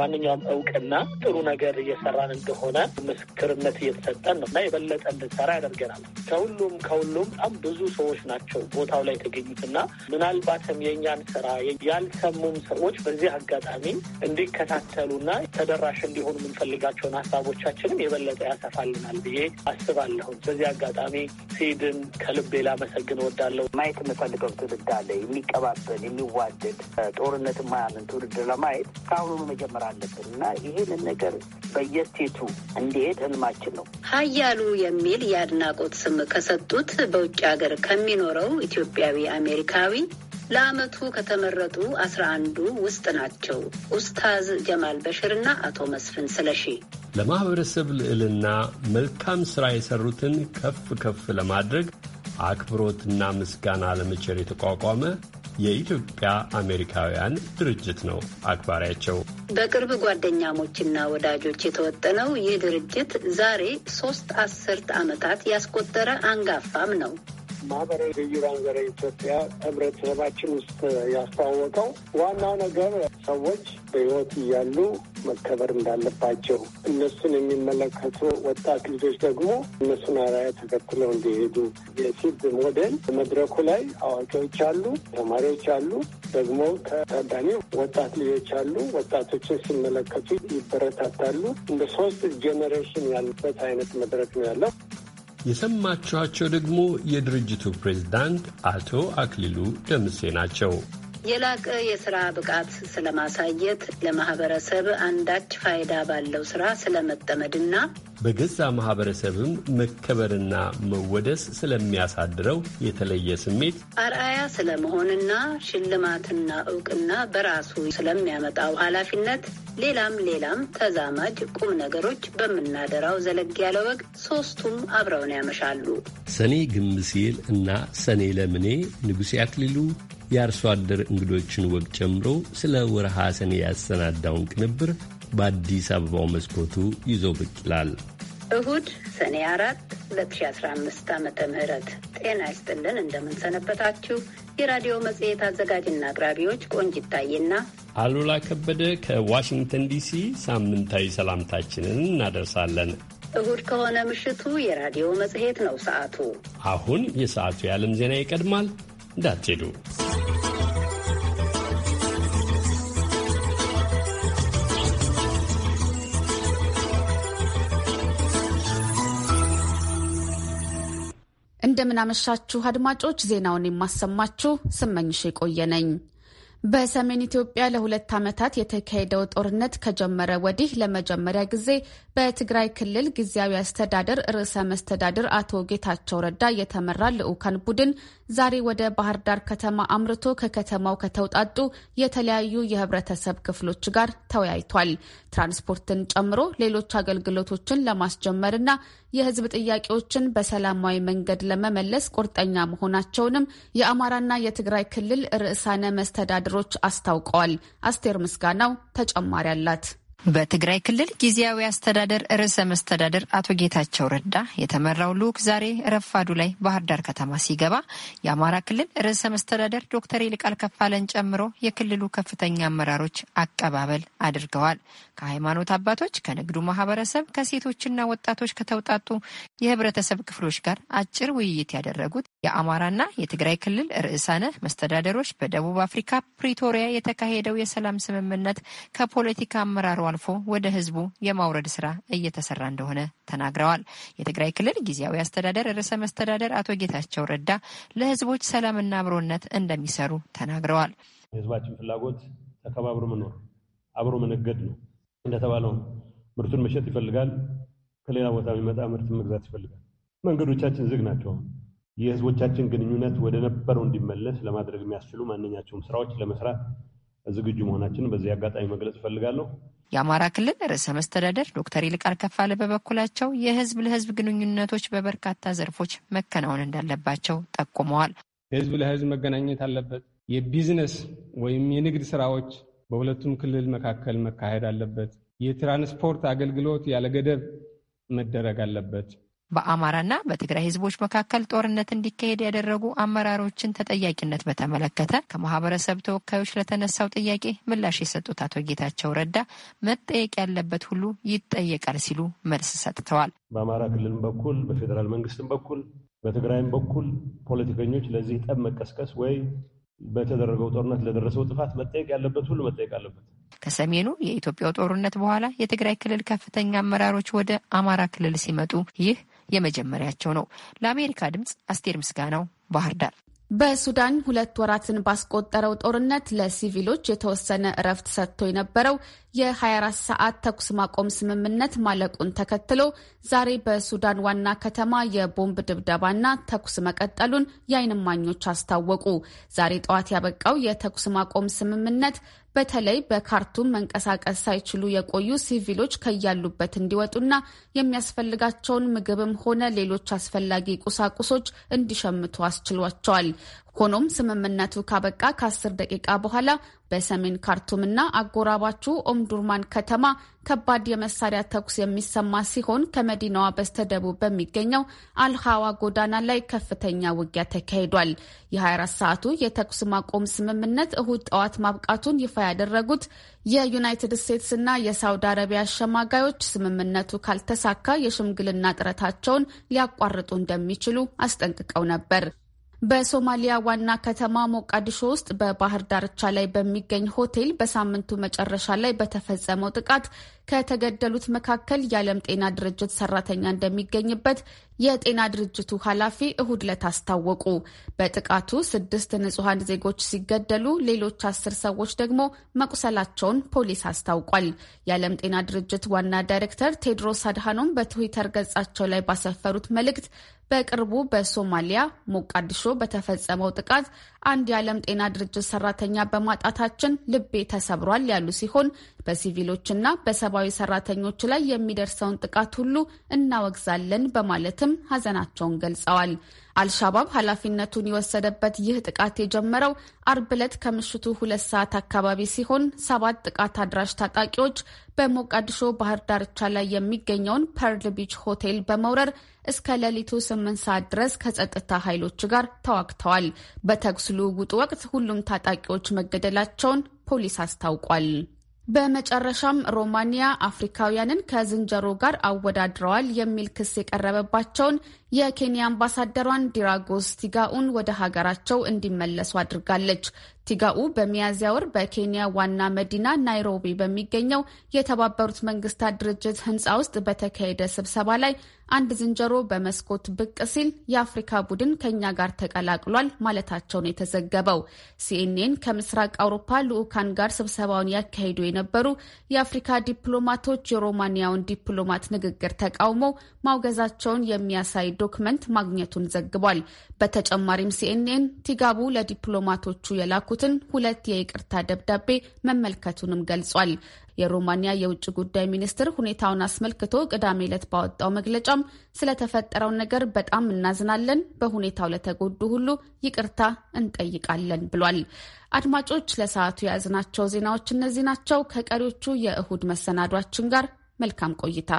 ማንኛውም እውቅና ጥሩ ነገር እየሰራን እንደሆነ ምስክርነት እየተሰጠን ነው እና የበለጠ እንድንሰራ ያደርገናል። ከሁሉም ከሁሉም በጣም ብዙ ሰዎች ናቸው ቦታው ላይ የተገኙትና ምናልባትም የእኛን ስራ ያልሰሙም ሰዎች በዚህ አጋጣሚ እንዲከታተሉና ተደራሽ እንዲሆኑ የምንፈልጋቸውን ሀሳቦቻችንም የበለጠ ያሰፋልናል ብዬ አስባለሁ። በዚህ አጋጣሚ ሲድን ከልቤ ላመሰግን እወዳለሁ። ማየት የምፈልገው ትውልድ አለ የሚቀባበል የሚዋደድ ጦርነት ማያምን ትውልድ ለማየት ከአሁኑ መጀመር አለብን እና ይህንን ነገር በየስቴቱ እንዲሄድ ህልማችን ነው። ሀያሉ የሚል የአድናቆት ስም ከሰጡት በውጭ ሀገር ከሚኖረው ኢትዮጵያዊ አሜሪካዊ ለአመቱ ከተመረጡ አስራ አንዱ ውስጥ ናቸው ኡስታዝ ጀማል በሽርና አቶ መስፍን ስለሺ። ለማህበረሰብ ልዕልና መልካም ሥራ የሰሩትን ከፍ ከፍ ለማድረግ አክብሮትና ምስጋና ለመቸር የተቋቋመ የኢትዮጵያ አሜሪካውያን ድርጅት ነው አክባሪያቸው። በቅርብ ጓደኛሞችና ወዳጆች የተወጠነው ይህ ድርጅት ዛሬ ሶስት አስርት ዓመታት ያስቆጠረ አንጋፋም ነው። ማህበራዊ ብሔራን ዘረ ኢትዮጵያ ህብረተሰባችን ውስጥ ያስተዋወቀው ዋናው ነገር ሰዎች በህይወት እያሉ መከበር እንዳለባቸው እነሱን የሚመለከቱ ወጣት ልጆች ደግሞ እነሱን አርአያ ተከትለው እንዲሄዱ የሲድ ሞዴል መድረኩ ላይ አዋቂዎች አሉ፣ ተማሪዎች አሉ፣ ደግሞ ከታዳሚ ወጣት ልጆች አሉ። ወጣቶችን ሲመለከቱ ይበረታታሉ። እንደ ሶስት ጄኔሬሽን ያሉበት አይነት መድረክ ነው ያለው። የሰማችኋቸው ደግሞ የድርጅቱ ፕሬዝዳንት አቶ አክሊሉ ደምሴ ናቸው። የላቀ የስራ ብቃት ስለማሳየት ለማህበረሰብ አንዳች ፋይዳ ባለው ስራ ስለመጠመድና በገዛ ማህበረሰብም መከበርና መወደስ ስለሚያሳድረው የተለየ ስሜት አርአያ ስለመሆንና ሽልማትና እውቅና በራሱ ስለሚያመጣው ኃላፊነት ሌላም ሌላም ተዛማጅ ቁም ነገሮች በምናደራው ዘለግ ያለ ወግ ሶስቱም አብረውን ያመሻሉ። ሰኔ ግም ሲል እና ሰኔ ለምኔ ንጉሴ አክሊሉ የአርሶ አደር እንግዶችን ወግ ጨምሮ ስለ ወርሃ ሰኔ ያሰናዳውን ቅንብር በአዲስ አበባው መስኮቱ ይዞ ብቅ ይላል። እሁድ ሰኔ አራት 2015 ዓ ም ጤና ይስጥልን። እንደምንሰነበታችሁ የራዲዮ መጽሔት አዘጋጅና አቅራቢዎች ቆንጅ ይታይና አሉላ ከበደ ከዋሽንግተን ዲሲ ሳምንታዊ ሰላምታችንን እናደርሳለን። እሁድ ከሆነ ምሽቱ የራዲዮ መጽሔት ነው ሰዓቱ። አሁን የሰዓቱ የዓለም ዜና ይቀድማል። እንዳትሄዱ። እንደምናመሻችሁ አድማጮች፣ ዜናውን የማሰማችሁ ስመኝሽ የቆየ ነኝ። በሰሜን ኢትዮጵያ ለሁለት ዓመታት የተካሄደው ጦርነት ከጀመረ ወዲህ ለመጀመሪያ ጊዜ በትግራይ ክልል ጊዜያዊ አስተዳደር ርዕሰ መስተዳድር አቶ ጌታቸው ረዳ የተመራ ልዑካን ቡድን ዛሬ ወደ ባህር ዳር ከተማ አምርቶ ከከተማው ከተውጣጡ የተለያዩ የህብረተሰብ ክፍሎች ጋር ተወያይቷል። ትራንስፖርትን ጨምሮ ሌሎች አገልግሎቶችን ለማስጀመርና የህዝብ ጥያቄዎችን በሰላማዊ መንገድ ለመመለስ ቁርጠኛ መሆናቸውንም የአማራና የትግራይ ክልል ርዕሳነ መስተዳድሮች አስታውቀዋል። አስቴር ምስጋናው ተጨማሪ አላት። በትግራይ ክልል ጊዜያዊ አስተዳደር ርዕሰ መስተዳደር አቶ ጌታቸው ረዳ የተመራው ልዑክ ዛሬ ረፋዱ ላይ ባህር ዳር ከተማ ሲገባ የአማራ ክልል ርዕሰ መስተዳደር ዶክተር ይልቃል ከፋለን ጨምሮ የክልሉ ከፍተኛ አመራሮች አቀባበል አድርገዋል። ከሃይማኖት አባቶች፣ ከንግዱ ማህበረሰብ፣ ከሴቶችና ወጣቶች ከተውጣጡ የህብረተሰብ ክፍሎች ጋር አጭር ውይይት ያደረጉት የአማራና የትግራይ ክልል ርዕሳነ መስተዳደሮች በደቡብ አፍሪካ ፕሪቶሪያ የተካሄደው የሰላም ስምምነት ከፖለቲካ አመራሩ አልፎ ወደ ህዝቡ የማውረድ ስራ እየተሰራ እንደሆነ ተናግረዋል። የትግራይ ክልል ጊዜያዊ አስተዳደር ርዕሰ መስተዳደር አቶ ጌታቸው ረዳ ለህዝቦች ሰላምና አብሮነት እንደሚሰሩ ተናግረዋል። የህዝባችን ፍላጎት ተከባብሮ መኖር፣ አብሮ መነገድ ነው። እንደተባለው ምርቱን መሸጥ ይፈልጋል። ከሌላ ቦታ የሚመጣ ምርት መግዛት ይፈልጋል። መንገዶቻችን ዝግ ናቸው። የህዝቦቻችን ግንኙነት ወደ ነበረው እንዲመለስ ለማድረግ የሚያስችሉ ማንኛቸውም ስራዎች ለመስራት ዝግጁ መሆናችንን በዚህ አጋጣሚ መግለጽ እፈልጋለሁ። የአማራ ክልል ርዕሰ መስተዳደር ዶክተር ይልቃል ከፋለ በበኩላቸው የህዝብ ለህዝብ ግንኙነቶች በበርካታ ዘርፎች መከናወን እንዳለባቸው ጠቁመዋል። ህዝብ ለህዝብ መገናኘት አለበት። የቢዝነስ ወይም የንግድ ስራዎች በሁለቱም ክልል መካከል መካሄድ አለበት። የትራንስፖርት አገልግሎት ያለ ገደብ መደረግ አለበት። በአማራና በትግራይ ህዝቦች መካከል ጦርነት እንዲካሄድ ያደረጉ አመራሮችን ተጠያቂነት በተመለከተ ከማህበረሰብ ተወካዮች ለተነሳው ጥያቄ ምላሽ የሰጡት አቶ ጌታቸው ረዳ መጠየቅ ያለበት ሁሉ ይጠየቃል ሲሉ መልስ ሰጥተዋል። በአማራ ክልልም በኩል በፌዴራል መንግስትም በኩል በትግራይም በኩል ፖለቲከኞች ለዚህ ጠብ መቀስቀስ ወይ በተደረገው ጦርነት ለደረሰው ጥፋት መጠየቅ ያለበት ሁሉ መጠየቅ አለበት። ከሰሜኑ የኢትዮጵያው ጦርነት በኋላ የትግራይ ክልል ከፍተኛ አመራሮች ወደ አማራ ክልል ሲመጡ ይህ የመጀመሪያቸው ነው። ለአሜሪካ ድምፅ አስቴር ምስጋናው ባህር ዳር። በሱዳን ሁለት ወራትን ባስቆጠረው ጦርነት ለሲቪሎች የተወሰነ እረፍት ሰጥቶ የነበረው የ24 ሰዓት ተኩስ ማቆም ስምምነት ማለቁን ተከትሎ ዛሬ በሱዳን ዋና ከተማ የቦምብ ድብደባና ተኩስ መቀጠሉን የአይንማኞች አስታወቁ። ዛሬ ጠዋት ያበቃው የተኩስ ማቆም ስምምነት በተለይ በካርቱም መንቀሳቀስ ሳይችሉ የቆዩ ሲቪሎች ከያሉበት እንዲወጡና የሚያስፈልጋቸውን ምግብም ሆነ ሌሎች አስፈላጊ ቁሳቁሶች እንዲሸምቱ አስችሏቸዋል። ሆኖም ስምምነቱ ካበቃ ከአስር ደቂቃ በኋላ በሰሜን ካርቱም እና አጎራባቹ ኦምዱርማን ከተማ ከባድ የመሳሪያ ተኩስ የሚሰማ ሲሆን ከመዲናዋ በስተደቡብ በሚገኘው አልሃዋ ጎዳና ላይ ከፍተኛ ውጊያ ተካሂዷል። የ24 ሰዓቱ የተኩስ ማቆም ስምምነት እሁድ ጠዋት ማብቃቱን ይፋ ያደረጉት የዩናይትድ ስቴትስ እና የሳውዲ አረቢያ አሸማጋዮች ስምምነቱ ካልተሳካ የሽምግልና ጥረታቸውን ሊያቋርጡ እንደሚችሉ አስጠንቅቀው ነበር። በሶማሊያ ዋና ከተማ ሞቃዲሾ ውስጥ በባህር ዳርቻ ላይ በሚገኝ ሆቴል በሳምንቱ መጨረሻ ላይ በተፈጸመው ጥቃት ከተገደሉት መካከል የዓለም ጤና ድርጅት ሰራተኛ እንደሚገኝበት የጤና ድርጅቱ ኃላፊ እሁድ ዕለት አስታወቁ። በጥቃቱ ስድስት ንጹሐን ዜጎች ሲገደሉ ሌሎች አስር ሰዎች ደግሞ መቁሰላቸውን ፖሊስ አስታውቋል። የዓለም ጤና ድርጅት ዋና ዳይሬክተር ቴድሮስ አድሃኖም በትዊተር ገጻቸው ላይ ባሰፈሩት መልእክት በቅርቡ በሶማሊያ ሞቃዲሾ በተፈጸመው ጥቃት አንድ የዓለም ጤና ድርጅት ሰራተኛ በማጣታችን ልቤ ተሰብሯል ያሉ ሲሆን በሲቪሎችና በሰ ሰብአዊ ሰራተኞች ላይ የሚደርሰውን ጥቃት ሁሉ እናወግዛለን በማለትም ሀዘናቸውን ገልጸዋል። አልሻባብ ኃላፊነቱን የወሰደበት ይህ ጥቃት የጀመረው አርብ ዕለት ከምሽቱ ሁለት ሰዓት አካባቢ ሲሆን ሰባት ጥቃት አድራሽ ታጣቂዎች በሞቃዲሾ ባህር ዳርቻ ላይ የሚገኘውን ፐርል ቢች ሆቴል በመውረር እስከ ሌሊቱ ስምንት ሰዓት ድረስ ከጸጥታ ኃይሎች ጋር ተዋግተዋል። በተኩስ ልውውጡ ወቅት ሁሉም ታጣቂዎች መገደላቸውን ፖሊስ አስታውቋል። በመጨረሻም ሮማኒያ አፍሪካውያንን ከዝንጀሮ ጋር አወዳድረዋል የሚል ክስ የቀረበባቸውን የኬንያ አምባሳደሯን ዲራጎስ ቲጋኡን ወደ ሀገራቸው እንዲመለሱ አድርጋለች። ቲጋኡ በሚያዝያ ወር በኬንያ ዋና መዲና ናይሮቢ በሚገኘው የተባበሩት መንግስታት ድርጅት ህንፃ ውስጥ በተካሄደ ስብሰባ ላይ አንድ ዝንጀሮ በመስኮት ብቅ ሲል የአፍሪካ ቡድን ከኛ ጋር ተቀላቅሏል ነው የተዘገበው ሲኤንኤን ከምስራቅ አውሮፓ ልዑካን ጋር ስብሰባውን ያካሂዱ የነበሩ የአፍሪካ ዲፕሎማቶች የሮማንያውን ዲፕሎማት ንግግር ተቃውሞ ማውገዛቸውን የሚያሳይ ዶክመንት ማግኘቱን ዘግቧል። በተጨማሪም ሲኤንኤን ቲጋቡ ለዲፕሎማቶቹ የላኩ የጠየቁትን ሁለት የይቅርታ ደብዳቤ መመልከቱንም ገልጿል። የሮማኒያ የውጭ ጉዳይ ሚኒስትር ሁኔታውን አስመልክቶ ቅዳሜ ዕለት ባወጣው መግለጫም ስለተፈጠረው ነገር በጣም እናዝናለን፣ በሁኔታው ለተጎዱ ሁሉ ይቅርታ እንጠይቃለን ብሏል። አድማጮች ለሰዓቱ የያዝናቸው ዜናዎች እነዚህ ናቸው። ከቀሪዎቹ የእሁድ መሰናዷችን ጋር መልካም ቆይታ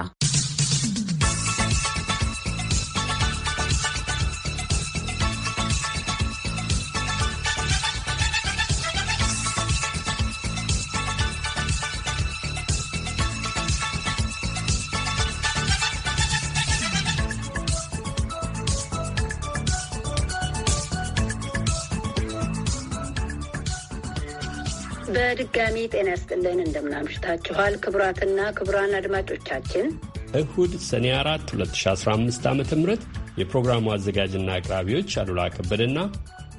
በድጋሚ ጤና ያስጥልን። እንደምናምሽታችኋል ክቡራትና ክቡራን አድማጮቻችን እሁድ ሰኔ 4 2015 ዓ ም የፕሮግራሙ አዘጋጅና አቅራቢዎች አሉላ ከበደና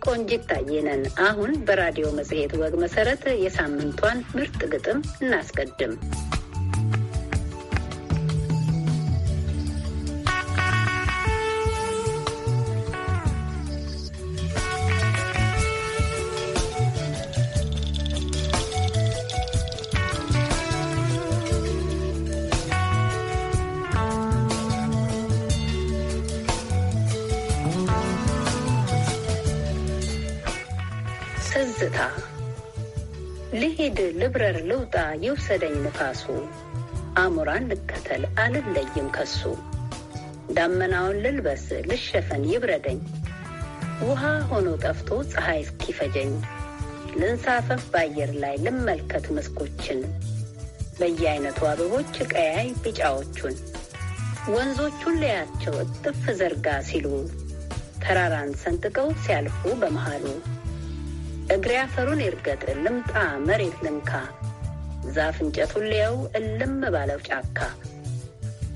ቆንጂት ታየነን። አሁን በራዲዮ መጽሔት ወግ መሠረት የሳምንቷን ምርጥ ግጥም እናስቀድም። የወሰደኝ ንፋሱ አሞራን ልከተል አልለይም ከሱ ዳመናውን ልልበስ ልሸፈን ይብረደኝ ውሃ ሆኖ ጠፍቶ ፀሐይ እስኪፈጀኝ ልንሳፈፍ በአየር ላይ ልመልከት መስኮችን በየአይነቱ አበቦች ቀያይ ቢጫዎቹን ወንዞቹን ለያቸው እጥፍ ዘርጋ ሲሉ ተራራን ሰንጥቀው ሲያልፉ በመሃሉ እግሬ አፈሩን ይርገጥ ልምጣ መሬት ልንካ ዛፍ እንጨቱን ሊያው እልም ባለው ጫካ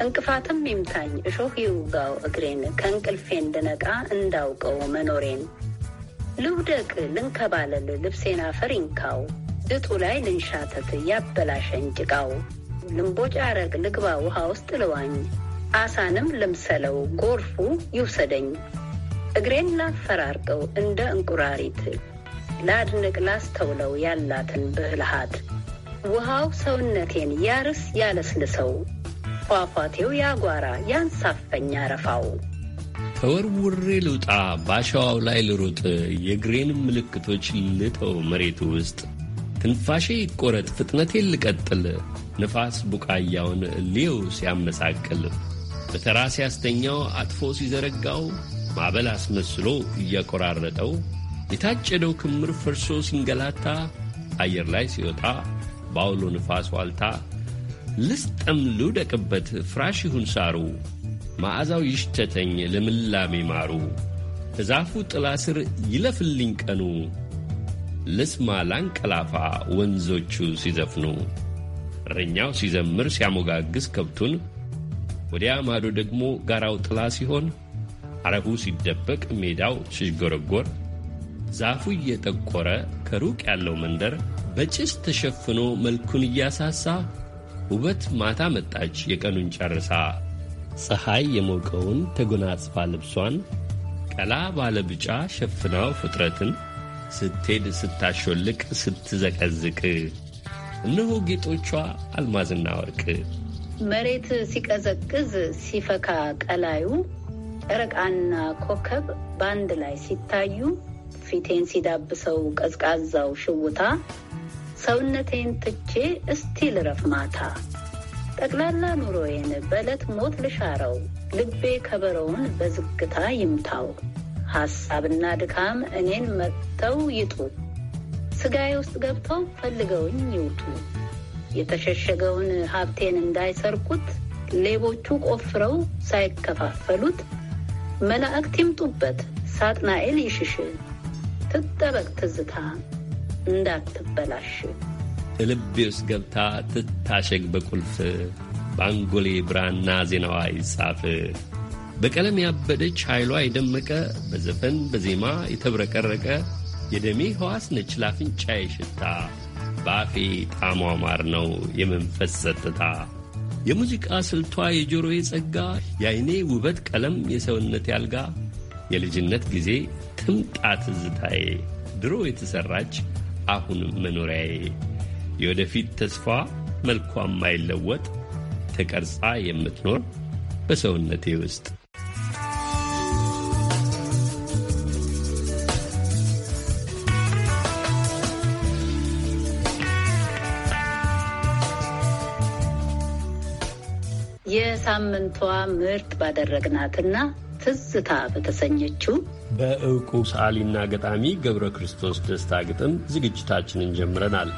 እንቅፋትም ይምታኝ እሾህ ይውጋው እግሬን ከእንቅልፌ እንድነቃ እንዳውቀው መኖሬን ልውደቅ ልንከባለል ልብሴን አፈር ይንካው እጡ ላይ ልንሻተት ያበላሸኝ ጭቃው ልንቦጫረቅ ልግባ ውሃ ውስጥ ልዋኝ አሳንም ልምሰለው ጎርፉ ይውሰደኝ እግሬን ላፈራርቀው እንደ እንቁራሪት ላድንቅ ላስተውለው ያላትን ብልሃት ውሃው ሰውነቴን ያርስ ያለስልሰው፣ ፏፏቴው ያጓራ ያንሳፈኝ አረፋው። ተወርውሬ ልውጣ ባሸዋው ላይ ልሩጥ፣ የግሬን ምልክቶች ልተው መሬቱ ውስጥ ትንፋሼ ይቆረጥ፣ ፍጥነቴን ልቀጥል፣ ንፋስ ቡቃያውን ሊው ሲያመሳቅል፣ በተራ ሲያስተኛው፣ አጥፎ ሲዘረጋው፣ ማዕበል አስመስሎ እያቆራረጠው፣ የታጨደው ክምር ፈርሶ ሲንገላታ፣ አየር ላይ ሲወጣ በአውሎ ንፋስ ዋልታ ልስጠም ልውደቅበት ፍራሽ ይሁን ሳሩ መዓዛው ይሽተተኝ ልምላሜ ማሩ ከዛፉ ጥላ ስር ይለፍልኝ ቀኑ ልስማ ላንቀላፋ ወንዞቹ ሲዘፍኑ እረኛው ሲዘምር ሲያሞጋግስ ከብቱን ወዲያ ማዶ ደግሞ ጋራው ጥላ ሲሆን አረፉ ሲደበቅ ሜዳው ሲዥጎረጎር ዛፉ እየጠቆረ ከሩቅ ያለው መንደር በጭስ ተሸፍኖ መልኩን እያሳሳ ውበት ማታ መጣች የቀኑን ጨርሳ ፀሐይ የሞቀውን ተጎናጽፋ ልብሷን ቀላ ባለ ብጫ ሸፍናው ፍጥረትን ስትሄድ ስታሾልቅ ስትዘቀዝቅ እነሆ ጌጦቿ አልማዝና ወርቅ። መሬት ሲቀዘቅዝ ሲፈካ ቀላዩ ጨረቃና ኮከብ በአንድ ላይ ሲታዩ ፊቴን ሲዳብሰው ቀዝቃዛው ሽውታ ሰውነቴን ትቼ እስቲ ልረፍ ማታ ጠቅላላ ኑሮዬን በዕለት ሞት ልሻረው ልቤ ከበረውን በዝግታ ይምታው ሐሳብና ድካም እኔን መጥተው ይጡ ስጋዬ ውስጥ ገብተው ፈልገውኝ ይውጡ የተሸሸገውን ሀብቴን እንዳይሰርቁት ሌቦቹ ቆፍረው ሳይከፋፈሉት መላእክት ይምጡበት ሳጥናኤል ይሽሽ ትጠበቅ ትዝታ እንዳትበላሽ ልቤ ውስጥ ገብታ ትታሸግ በቁልፍ በአንጎሌ ብራና ዜናዋ ይጻፍ በቀለም ያበደች ኃይሏ የደመቀ በዘፈን በዜማ የተብረቀረቀ የደሜ ሕዋስ ነች ላፍንጫ የሽታ በአፌ ጣሟ ማር ነው የመንፈስ ጸጥታ የሙዚቃ ስልቷ የጆሮ የጸጋ የአይኔ ውበት ቀለም የሰውነት ያልጋ የልጅነት ጊዜ ትምጣት ዝታዬ ድሮ የተሠራች አሁን መኖሪያዬ የወደፊት ተስፋ መልኳ የማይለወጥ ተቀርጻ የምትኖር በሰውነቴ ውስጥ የሳምንቷ ምርጥ ባደረግናትና ትዝታ በተሰኘችው በእውቁ ሰዓሊና ገጣሚ ገብረ ክርስቶስ ደስታ ግጥም ዝግጅታችንን ጀምረናል።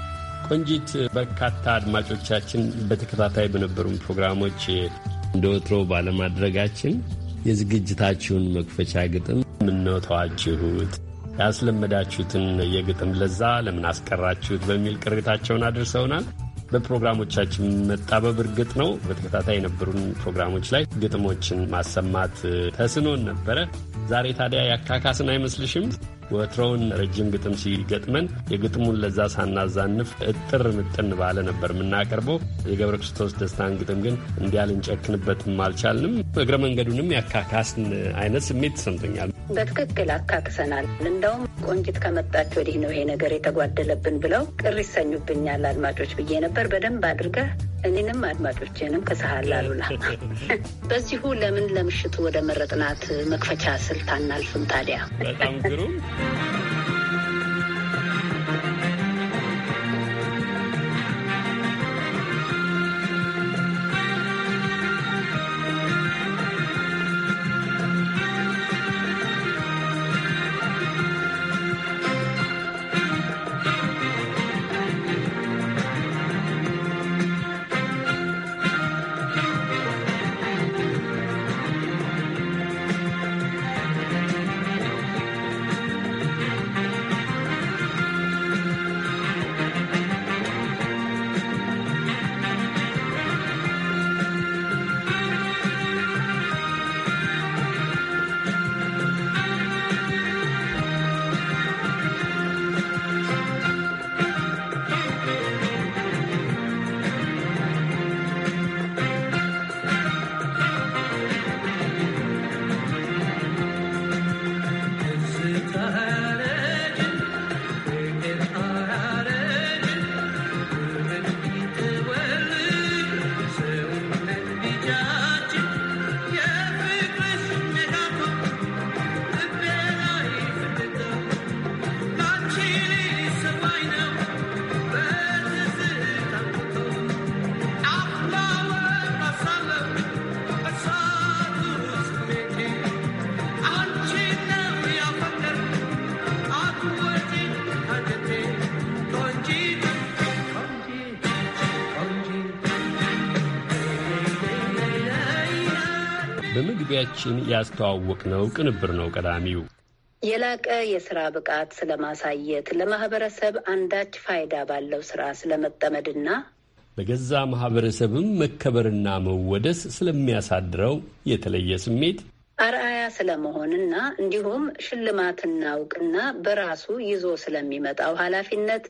ቆንጂት፣ በርካታ አድማጮቻችን በተከታታይ በነበሩን ፕሮግራሞች እንደ ወትሮ ባለማድረጋችን የዝግጅታችሁን መክፈቻ ግጥም ምነው ተዋችሁት ያስለመዳችሁትን የግጥም ለዛ ለምን አስቀራችሁት በሚል ቅሬታቸውን አድርሰውናል። በፕሮግራሞቻችን መጣበብ እርግጥ ነው በተከታታይ የነበሩን ፕሮግራሞች ላይ ግጥሞችን ማሰማት ተስኖን ነበረ። ዛሬ ታዲያ ያካካስን አይመስልሽም? ወትሮውን ረጅም ግጥም ሲገጥመን የግጥሙን ለዛ ሳናዛንፍ እጥር ምጥን ባለ ነበር የምናቀርበው። የገብረ ክርስቶስ ደስታን ግጥም ግን እንዲያ ልንጨክንበትም አልቻልንም። እግረ መንገዱንም ያካካስን አይነት ስሜት ተሰምቶኛል። በትክክል አካክሰናል። እንደውም ቆንጅት ከመጣች ወዲህ ነው ይሄ ነገር የተጓደለብን ብለው ቅር ይሰኙብኛል አድማጮች ብዬ ነበር። በደንብ አድርገህ እኔንም አድማጮቼንም ከሳሃል አሉላ በዚሁ ለምን ለምሽቱ ወደ መረጥናት መክፈቻ ስልት አናልፍም ታዲያ በጣም ግሩም በመግቢያችን ነው ቅንብር ነው ቀዳሚው። የላቀ የስራ ብቃት ስለማሳየት ለማህበረሰብ አንዳች ፋይዳ ባለው ስራ ስለመጠመድና በገዛ ማህበረሰብም መከበርና መወደስ ስለሚያሳድረው የተለየ ስሜት አርአያ ስለመሆንና እንዲሁም ሽልማትና እውቅና በራሱ ይዞ ስለሚመጣው ኃላፊነት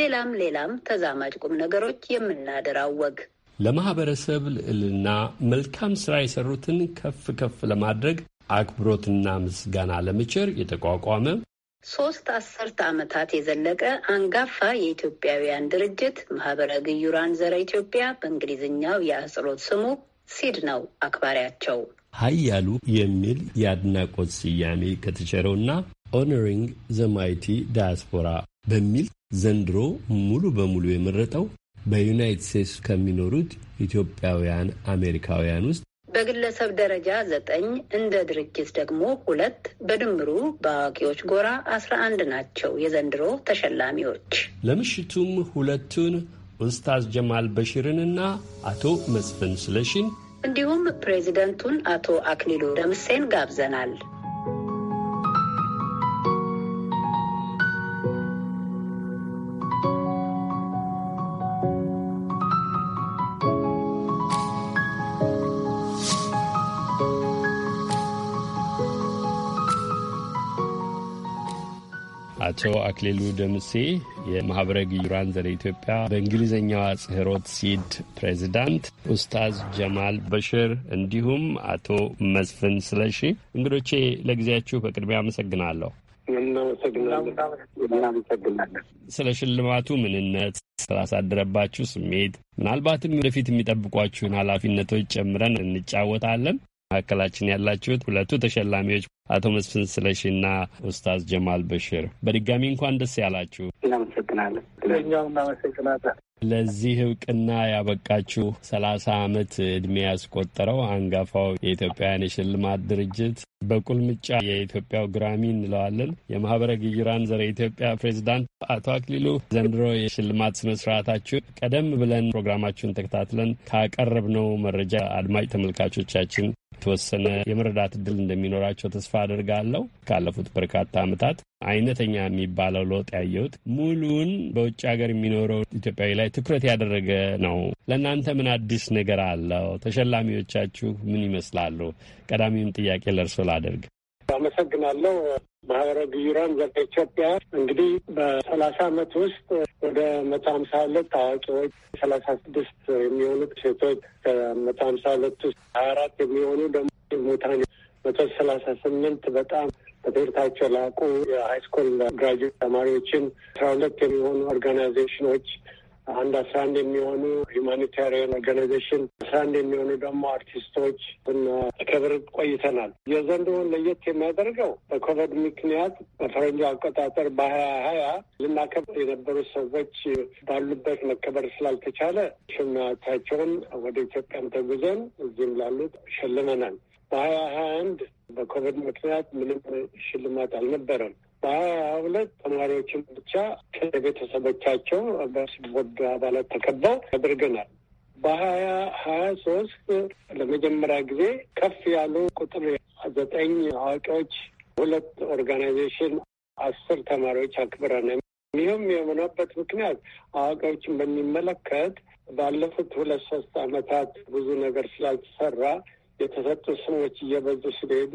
ሌላም ሌላም ተዛማጅ ቁም ነገሮች የምናደራወግ። ለማህበረሰብ ልዕልና መልካም ስራ የሰሩትን ከፍ ከፍ ለማድረግ አክብሮትና ምስጋና ለመቸር የተቋቋመ ሶስት አስርተ ዓመታት የዘለቀ አንጋፋ የኢትዮጵያውያን ድርጅት ማህበረ ግዩራን ዘረ ኢትዮጵያ በእንግሊዝኛው የአጽሎት ስሙ ሲድ ነው አክባሪያቸው። ሀያሉ የሚል የአድናቆት ስያሜ ከተቸረውና ኦነሪንግ ዘማይቲ ዳያስፖራ በሚል ዘንድሮ ሙሉ በሙሉ የመረጠው በዩናይት ስቴትስ ከሚኖሩት ኢትዮጵያውያን አሜሪካውያን ውስጥ በግለሰብ ደረጃ ዘጠኝ እንደ ድርጅት ደግሞ ሁለት በድምሩ በአዋቂዎች ጎራ አስራ አንድ ናቸው የዘንድሮ ተሸላሚዎች። ለምሽቱም ሁለቱን ኡስታዝ ጀማል በሽርንና አቶ መስፍን ስለሽን እንዲሁም ፕሬዚደንቱን አቶ አክሊሉ ደምሴን ጋብዘናል። አቶ አክሌሉ ደምሴ የማህበረ ግዩራን ዘረ ኢትዮጵያ በእንግሊዝኛዋ ጽሕሮት ሲድ ፕሬዚዳንት፣ ኡስታዝ ጀማል በሽር እንዲሁም አቶ መስፍን ስለሺ እንግዶቼ ለጊዜያችሁ በቅድሚያ አመሰግናለሁ። እናመሰግናለን። ስለ ሽልማቱ ምንነት ስላሳደረባችሁ ስሜት፣ ምናልባትም ወደፊት የሚጠብቋችሁን ኃላፊነቶች ጨምረን እንጫወታለን። መካከላችን ያላችሁት ሁለቱ ተሸላሚዎች አቶ መስፍን ስለሺና ኡስታዝ ጀማል በሽር በድጋሚ እንኳን ደስ ያላችሁ። እናመሰግናለን። እናመሰግናለን። ለዚህ እውቅና ያበቃችሁ ሰላሳ ዓመት እድሜ ያስቆጠረው አንጋፋው የኢትዮጵያውያን የሽልማት ድርጅት በቁልምጫ የኢትዮጵያው ግራሚ እንለዋለን የማህበረ ግይራን ዘረ ኢትዮጵያ ፕሬዚዳንት አቶ አክሊሉ ዘንድሮ የሽልማት ስነ ቀደም ብለን ፕሮግራማችሁን ተከታትለን ካቀረብነው መረጃ አድማጭ ተመልካቾቻችን የተወሰነ የመረዳት እድል እንደሚኖራቸው ተስፋ ተስፋ አድርጋለሁ። ካለፉት በርካታ ዓመታት አይነተኛ የሚባለው ለውጥ ያየሁት ሙሉን በውጭ ሀገር የሚኖረው ኢትዮጵያዊ ላይ ትኩረት ያደረገ ነው። ለእናንተ ምን አዲስ ነገር አለው? ተሸላሚዎቻችሁ ምን ይመስላሉ? ቀዳሚውን ጥያቄ ለእርሶ ላደርግ። አመሰግናለሁ። ማህበረ ግዩራን ዘ ኢትዮጵያ እንግዲህ በሰላሳ አመት ውስጥ ወደ መቶ ሀምሳ ሁለት ታዋቂዎች ሰላሳ ስድስት የሚሆኑ ሴቶች ከመቶ ሀምሳ ሁለት ውስጥ ሀያ አራት የሚሆኑ ደግሞ ሙታን መቶ ሰላሳ ስምንት በጣም በትምህርታቸው ላቁ የሃይስኩል ግራጁዌት ተማሪዎችን አስራ ሁለት የሚሆኑ ኦርጋናይዜሽኖች አንድ አስራ አንድ የሚሆኑ ሁማኒታሪያን ኦርጋናይዜሽን አስራ አንድ የሚሆኑ ደግሞ አርቲስቶች ክብር ቆይተናል። የዘንድሮውን ለየት የሚያደርገው በኮቪድ ምክንያት በፈረንጅ አቆጣጠር በሀያ ሀያ ልናከብር የነበሩ ሰዎች ባሉበት መከበር ስላልተቻለ ሽልማታቸውን ወደ ኢትዮጵያም ተጉዘን እዚህም ላሉት ሸልመናል። በሀያ ሀያ አንድ በኮቪድ ምክንያት ምንም ሽልማት አልነበረም። በሀያ ሁለት ተማሪዎችን ብቻ ከቤተሰቦቻቸው በስድ አባላት ተከበው አድርገናል። በሀያ ሀያ ሶስት ለመጀመሪያ ጊዜ ከፍ ያሉ ቁጥር ዘጠኝ አዋቂዎች፣ ሁለት ኦርጋናይዜሽን፣ አስር ተማሪዎች አክብረን ይህም የሆነበት ምክንያት አዋቂዎችን በሚመለከት ባለፉት ሁለት ሶስት ዓመታት ብዙ ነገር ስላልተሰራ የተሰጡ ስሞች እየበዙ ስለሄዱ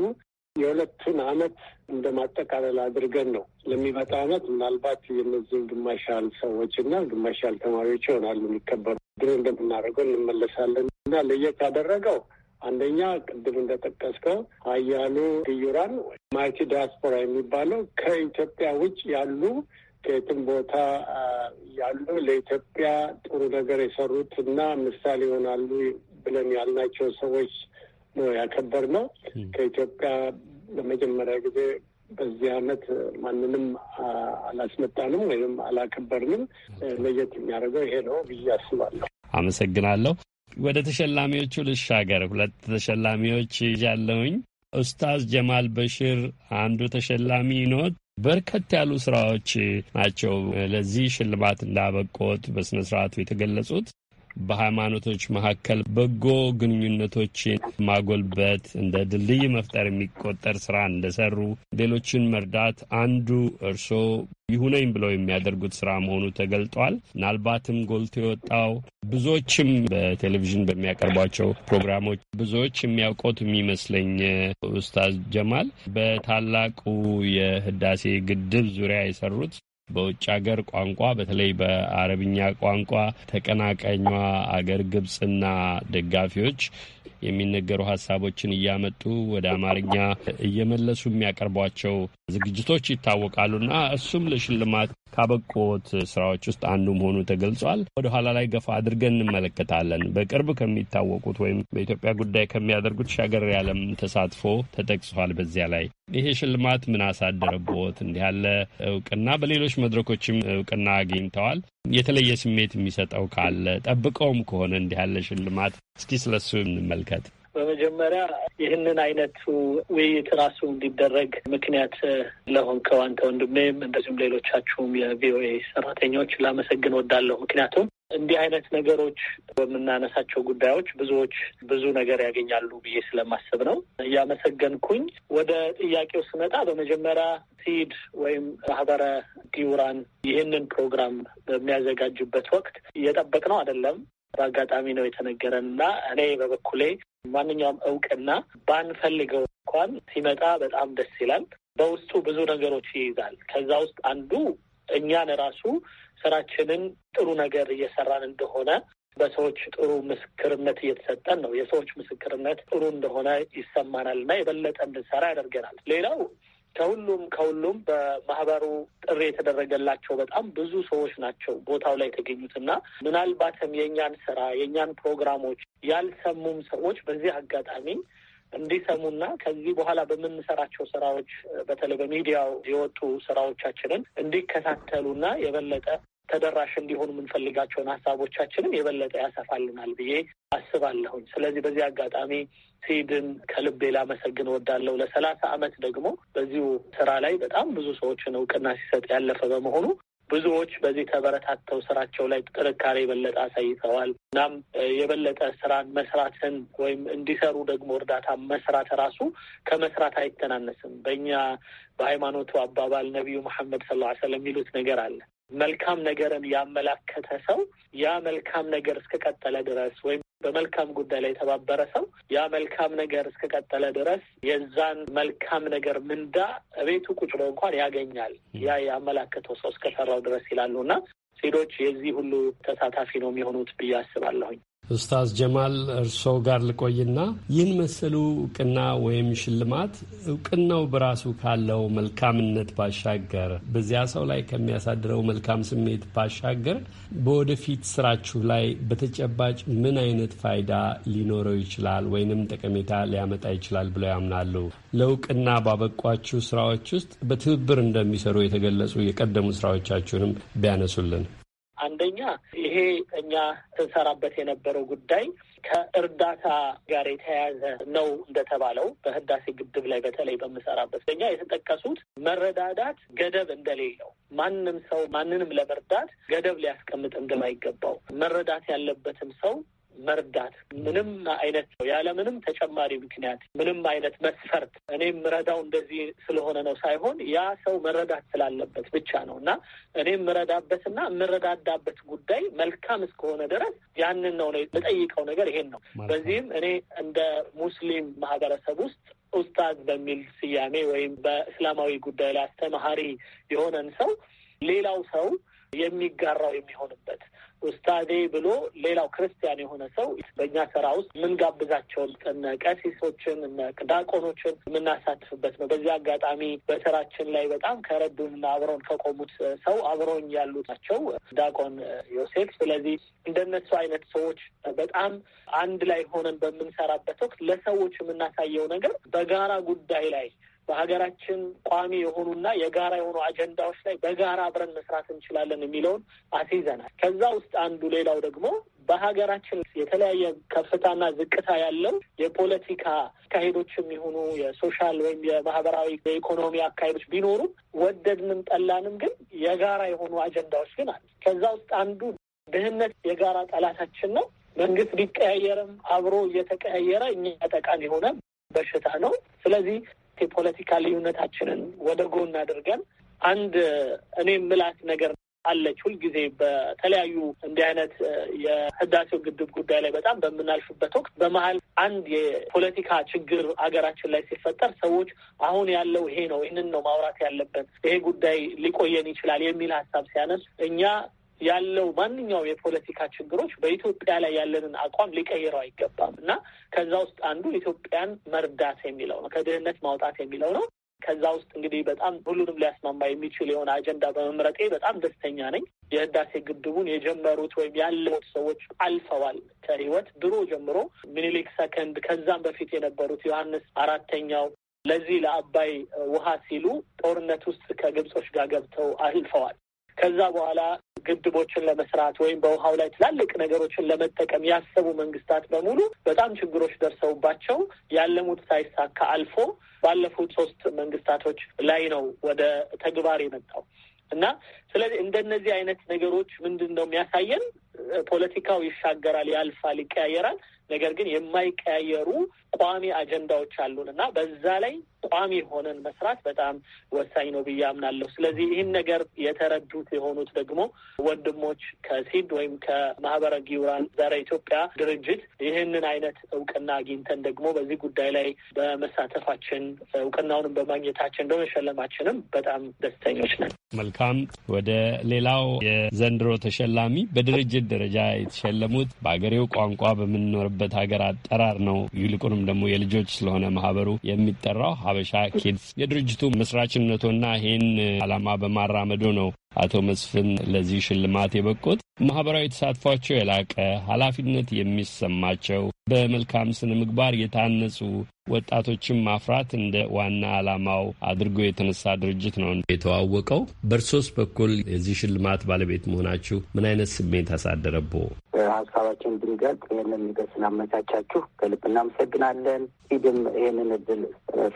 የሁለቱን አመት እንደ ማጠቃለል አድርገን ነው ለሚመጣ አመት ምናልባት የነዚህን ግማሽ ያህል ሰዎች እና ግማሽ ያህል ተማሪዎች ይሆናሉ የሚከበሩ ድሮ እንደምናደርገው እንመለሳለን እና ለየት ያደረገው አንደኛ ቅድም እንደጠቀስከው አያሉ ግዩራን ማይቲ ዲያስፖራ የሚባለው ከኢትዮጵያ ውጭ ያሉ ከየትም ቦታ ያሉ ለኢትዮጵያ ጥሩ ነገር የሰሩት እና ምሳሌ ይሆናሉ ብለን ያልናቸው ሰዎች ነው ነው ከኢትዮጵያ ለመጀመሪያ ጊዜ በዚህ አመት ማንንም አላስመጣንም ወይም አላከበርንም። ለየት የሚያደርገው ይሄ ነው ብዬ አስባለሁ። አመሰግናለሁ። ወደ ተሸላሚዎቹ ልሻገር። ሁለት ተሸላሚዎች ይዣለሁኝ። ኡስታዝ ጀማል በሽር አንዱ ተሸላሚ ኖት። በርከት ያሉ ስራዎች ናቸው ለዚህ ሽልማት እንዳበቆት በስነ ስርዓቱ የተገለጹት። በሃይማኖቶች መካከል በጎ ግንኙነቶችን ማጎልበት እንደ ድልድይ መፍጠር የሚቆጠር ስራ እንደሰሩ ሌሎችን መርዳት አንዱ እርስዎ ይሁነኝ ብለው የሚያደርጉት ስራ መሆኑ ተገልጧል። ምናልባትም ጎልቶ የወጣው ብዙዎችም በቴሌቪዥን በሚያቀርቧቸው ፕሮግራሞች ብዙዎች የሚያውቁት የሚመስለኝ ኡስታዝ ጀማል በታላቁ የህዳሴ ግድብ ዙሪያ የሰሩት በውጭ ሀገር ቋንቋ በተለይ በአረብኛ ቋንቋ ተቀናቃኟ አገር ግብጽና ደጋፊዎች የሚነገሩ ሀሳቦችን እያመጡ ወደ አማርኛ እየመለሱ የሚያቀርቧቸው ዝግጅቶች ይታወቃሉና እሱም ለሽልማት ካበቁት ስራዎች ውስጥ አንዱ መሆኑ ተገልጿል። ወደ ኋላ ላይ ገፋ አድርገን እንመለከታለን። በቅርብ ከሚታወቁት ወይም በኢትዮጵያ ጉዳይ ከሚያደርጉት ሻገር ያለም ተሳትፎ ተጠቅሷል። በዚያ ላይ ይሄ ሽልማት ምን አሳደረቦት? እንዲህ ያለ እውቅና በሌሎች መድረኮችም እውቅና አግኝተዋል። የተለየ ስሜት የሚሰጠው ካለ ጠብቀውም ከሆነ እንዲህ ያለ ሽልማት እስኪ ስለሱ እንመልከት። በመጀመሪያ ይህንን አይነቱ ውይይት ራሱ እንዲደረግ ምክንያት ለሆንከው አንተ ወንድሜም እንደዚሁም ሌሎቻችሁም የቪኦኤ ሰራተኞች ላመሰግን ወዳለሁ። ምክንያቱም እንዲህ አይነት ነገሮች በምናነሳቸው ጉዳዮች ብዙዎች ብዙ ነገር ያገኛሉ ብዬ ስለማስብ ነው። እያመሰገንኩኝ ወደ ጥያቄው ስመጣ በመጀመሪያ ሲድ ወይም ማህበረ ዲውራን ይህንን ፕሮግራም በሚያዘጋጅበት ወቅት እየጠበቅ ነው አይደለም። በአጋጣሚ ነው የተነገረን እና እኔ በበኩሌ ማንኛውም እውቅና ባንፈልገው እንኳን ሲመጣ በጣም ደስ ይላል። በውስጡ ብዙ ነገሮች ይይዛል። ከዛ ውስጥ አንዱ እኛን ራሱ ስራችንን ጥሩ ነገር እየሰራን እንደሆነ በሰዎች ጥሩ ምስክርነት እየተሰጠን ነው። የሰዎች ምስክርነት ጥሩ እንደሆነ ይሰማናል እና የበለጠ እንድንሰራ ያደርገናል። ሌላው ከሁሉም ከሁሉም በማህበሩ ጥሪ የተደረገላቸው በጣም ብዙ ሰዎች ናቸው ቦታው ላይ የተገኙትና ምናልባትም የእኛን ስራ የእኛን ፕሮግራሞች ያልሰሙም ሰዎች በዚህ አጋጣሚ እንዲሰሙና ከዚህ በኋላ በምንሰራቸው ስራዎች በተለይ በሚዲያው የወጡ ስራዎቻችንን እንዲከታተሉና የበለጠ ተደራሽ እንዲሆኑ የምንፈልጋቸውን ሀሳቦቻችንም የበለጠ ያሰፋልናል ብዬ አስባለሁኝ። ስለዚህ በዚህ አጋጣሚ ሲድን ከልቤ ላመሰግን ወዳለው ለሰላሳ ዓመት ደግሞ በዚሁ ስራ ላይ በጣም ብዙ ሰዎችን እውቅና ሲሰጥ ያለፈ በመሆኑ ብዙዎች በዚህ ተበረታተው ስራቸው ላይ ጥንካሬ የበለጠ አሳይተዋል። እናም የበለጠ ስራን መስራትን ወይም እንዲሰሩ ደግሞ እርዳታ መስራት ራሱ ከመስራት አይተናነስም። በእኛ በሃይማኖቱ አባባል ነቢዩ መሐመድ ሰለላሁ ዐለይሂ ወሰለም የሚሉት ነገር አለ መልካም ነገርን ያመላከተ ሰው ያ መልካም ነገር እስከቀጠለ ድረስ ወይም በመልካም ጉዳይ ላይ የተባበረ ሰው ያ መልካም ነገር እስከቀጠለ ድረስ የዛን መልካም ነገር ምንዳ ቤቱ ቁጭ ብሎ እንኳን ያገኛል። ያ ያመላከተው ሰው እስከሰራው ድረስ ይላሉ እና ሴቶች የዚህ ሁሉ ተሳታፊ ነው የሚሆኑት ብዬ አስባለሁኝ። ኡስታዝ ጀማል እርሶ ጋር ልቆይና ይህን መሰሉ እውቅና ወይም ሽልማት እውቅናው በራሱ ካለው መልካምነት ባሻገር በዚያ ሰው ላይ ከሚያሳድረው መልካም ስሜት ባሻገር በወደፊት ስራችሁ ላይ በተጨባጭ ምን አይነት ፋይዳ ሊኖረው ይችላል ወይንም ጠቀሜታ ሊያመጣ ይችላል ብለው ያምናሉ? ለእውቅና ባበቋችሁ ስራዎች ውስጥ በትብብር እንደሚሰሩ የተገለጹ የቀደሙ ስራዎቻችሁንም ቢያነሱልን። አንደኛ ይሄ እኛ ስንሰራበት የነበረው ጉዳይ ከእርዳታ ጋር የተያያዘ ነው እንደተባለው በህዳሴ ግድብ ላይ በተለይ በምሰራበት በኛ የተጠቀሱት መረዳዳት ገደብ እንደሌለው ማንም ሰው ማንንም ለመርዳት ገደብ ሊያስቀምጥ እንደማይገባው መረዳት ያለበትም ሰው መርዳት ምንም አይነት ያለ ምንም ተጨማሪ ምክንያት ምንም አይነት መስፈርት እኔ ምረዳው እንደዚህ ስለሆነ ነው ሳይሆን ያ ሰው መረዳት ስላለበት ብቻ ነው እና እኔ የምረዳበትና የምረዳዳበት ጉዳይ መልካም እስከሆነ ድረስ ያንን ነው የምጠይቀው ነገር ይሄን ነው። በዚህም እኔ እንደ ሙስሊም ማህበረሰብ ውስጥ ኡስታዝ በሚል ስያሜ ወይም በእስላማዊ ጉዳይ ላይ አስተማሪ የሆነን ሰው ሌላው ሰው የሚጋራው የሚሆንበት ኡስታዴ ብሎ ሌላው ክርስቲያን የሆነ ሰው በእኛ ስራ ውስጥ የምንጋብዛቸውን እነ ቀሲሶችን እነ ዲያቆኖችን የምናሳትፍበት ነው። በዚህ አጋጣሚ በስራችን ላይ በጣም ከረዱንና አብረውን ከቆሙት ሰው አብረውኝ ያሉ ናቸው ዲያቆን ዮሴፍ። ስለዚህ እንደነሱ አይነት ሰዎች በጣም አንድ ላይ ሆነን በምንሰራበት ወቅት ለሰዎች የምናሳየው ነገር በጋራ ጉዳይ ላይ በሀገራችን ቋሚ የሆኑና የጋራ የሆኑ አጀንዳዎች ላይ በጋራ አብረን መስራት እንችላለን የሚለውን አስይዘናል። ከዛ ውስጥ አንዱ ሌላው ደግሞ በሀገራችን የተለያየ ከፍታና ዝቅታ ያለው የፖለቲካ አካሄዶች የሚሆኑ የሶሻል ወይም የማህበራዊ የኢኮኖሚ አካሄዶች ቢኖሩም ወደድንም ጠላንም ግን የጋራ የሆኑ አጀንዳዎች ግን አሉ። ከዛ ውስጥ አንዱ ድህነት የጋራ ጠላታችን ነው። መንግስት ቢቀያየርም አብሮ እየተቀያየረ እኛ ጠቃሚ የሆነ በሽታ ነው። ስለዚህ የፖለቲካ ልዩነታችንን ወደ ጎን አድርገን አንድ እኔ ምላት ነገር አለች። ሁልጊዜ በተለያዩ እንዲህ አይነት የህዳሴው ግድብ ጉዳይ ላይ በጣም በምናልፍበት ወቅት በመሀል አንድ የፖለቲካ ችግር ሀገራችን ላይ ሲፈጠር ሰዎች አሁን ያለው ይሄ ነው፣ ይህንን ነው ማውራት ያለብን ይሄ ጉዳይ ሊቆየን ይችላል የሚል ሀሳብ ሲያነሱ እኛ ያለው ማንኛው የፖለቲካ ችግሮች በኢትዮጵያ ላይ ያለንን አቋም ሊቀይረው አይገባም እና ከዛ ውስጥ አንዱ ኢትዮጵያን መርዳት የሚለው ነው፣ ከድህነት ማውጣት የሚለው ነው። ከዛ ውስጥ እንግዲህ በጣም ሁሉንም ሊያስማማ የሚችል የሆነ አጀንዳ በመምረጤ በጣም ደስተኛ ነኝ። የህዳሴ ግድቡን የጀመሩት ወይም ያለሙት ሰዎች አልፈዋል። ከህይወት ድሮ ጀምሮ ሚኒሊክ ሰከንድ፣ ከዛም በፊት የነበሩት ዮሐንስ አራተኛው ለዚህ ለአባይ ውሃ ሲሉ ጦርነት ውስጥ ከግብጾች ጋር ገብተው አልፈዋል። ከዛ በኋላ ግድቦችን ለመስራት ወይም በውሃው ላይ ትላልቅ ነገሮችን ለመጠቀም ያሰቡ መንግስታት በሙሉ በጣም ችግሮች ደርሰውባቸው ያለሙት ሳይሳካ አልፎ ባለፉት ሶስት መንግስታቶች ላይ ነው ወደ ተግባር የመጣው እና ስለዚህ እንደነዚህ አይነት ነገሮች ምንድን ነው የሚያሳየን? ፖለቲካው ይሻገራል፣ ያልፋል፣ ይቀያየራል። ነገር ግን የማይቀያየሩ ቋሚ አጀንዳዎች አሉን እና በዛ ላይ ቋሚ ሆነን መስራት በጣም ወሳኝ ነው ብዬ አምናለሁ። ስለዚህ ይህን ነገር የተረዱት የሆኑት ደግሞ ወንድሞች ከሲድ ወይም ከማህበረ ጊውራን ዘረ ኢትዮጵያ ድርጅት ይህንን አይነት እውቅና አግኝተን ደግሞ በዚህ ጉዳይ ላይ በመሳተፋችን እውቅናውንም በማግኘታችን በመሸለማችንም በጣም ደስተኞች ነን። መልካም። ወደ ሌላው የዘንድሮ ተሸላሚ በድርጅት ደረጃ የተሸለሙት በአገሬው ቋንቋ በምንኖር ከመጣበት ሀገር አጠራር ነው። ይልቁንም ደግሞ የልጆች ስለሆነ ማህበሩ የሚጠራው ሀበሻ ኪድስ የድርጅቱ መስራችነቶና ይህን አላማ በማራመዶ ነው አቶ መስፍን ለዚህ ሽልማት የበቁት። ማህበራዊ ተሳትፏቸው የላቀ ኃላፊነት የሚሰማቸው በመልካም ስነ ምግባር የታነጹ ወጣቶችን ማፍራት እንደ ዋና ዓላማው አድርጎ የተነሳ ድርጅት ነው የተዋወቀው። በእርሶስ በኩል የዚህ ሽልማት ባለቤት መሆናችሁ ምን አይነት ስሜት አሳደረቦ? ሀሳባችን ድንገት ይህንን ነገር ስናመቻቻችሁ ከልብ እናመሰግናለን። ኢድም ይህንን እድል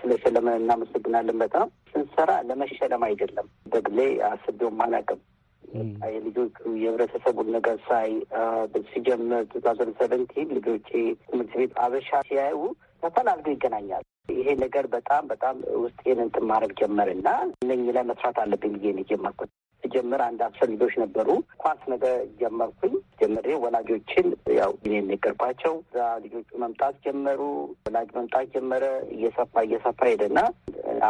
ስለሸለመን እናመሰግናለን። በጣም ስንሰራ ለመሸለም አይደለም፣ በግሌ አስቤውም አላውቅም የልጆቹ የህብረተሰቡን ነገር ሳይ ሲጀምር ቱ ሰቨንቲን ልጆቼ ትምህርት ቤት አበሻ ሲያዩ ተፈላልገው ይገናኛል። ይሄ ነገር በጣም በጣም ውስጤን እንትን ማድረግ ጀመርና እነኝ ላይ መስራት አለብኝ ብዬ ነው የጀመርኩት። ስጀምር አንድ አስር ልጆች ነበሩ። ኳስ ነገር ጀመርኩኝ። ጀመሬ ወላጆችን ያው እኔ የነገርኳቸው እዛ ልጆቹ መምጣት ጀመሩ። ወላጅ መምጣት ጀመረ። እየሰፋ እየሰፋ ሄደና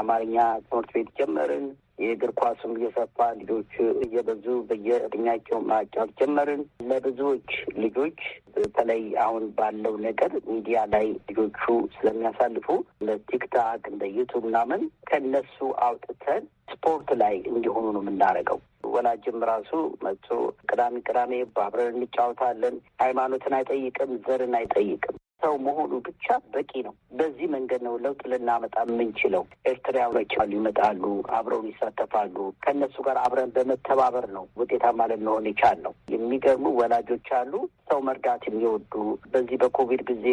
አማርኛ ትምህርት ቤት ጀመርን። የእግር ኳስም እየሰፋ ልጆች እየበዙ በየእድሜያቸው ማጫወት ጀመርን። ለብዙዎች ልጆች በተለይ አሁን ባለው ነገር ሚዲያ ላይ ልጆቹ ስለሚያሳልፉ እንደ ቲክታክ እንደ ዩቱብ ምናምን ከነሱ አውጥተን ስፖርት ላይ እንዲሆኑ ነው የምናደርገው። ወላጅም ራሱ መጥቶ ቅዳሜ ቅዳሜ ባብረን እንጫወታለን። ሃይማኖትን አይጠይቅም፣ ዘርን አይጠይቅም። ሰው መሆኑ ብቻ በቂ ነው። በዚህ መንገድ ነው ለውጥ ልናመጣ የምንችለው። ኤርትራውያን ይመጣሉ፣ አብረውን ይሳተፋሉ። ከእነሱ ጋር አብረን በመተባበር ነው ውጤታማ ልንሆን ይቻል ነው። የሚገርሙ ወላጆች አሉ፣ ሰው መርዳት የሚወዱ በዚህ በኮቪድ ጊዜ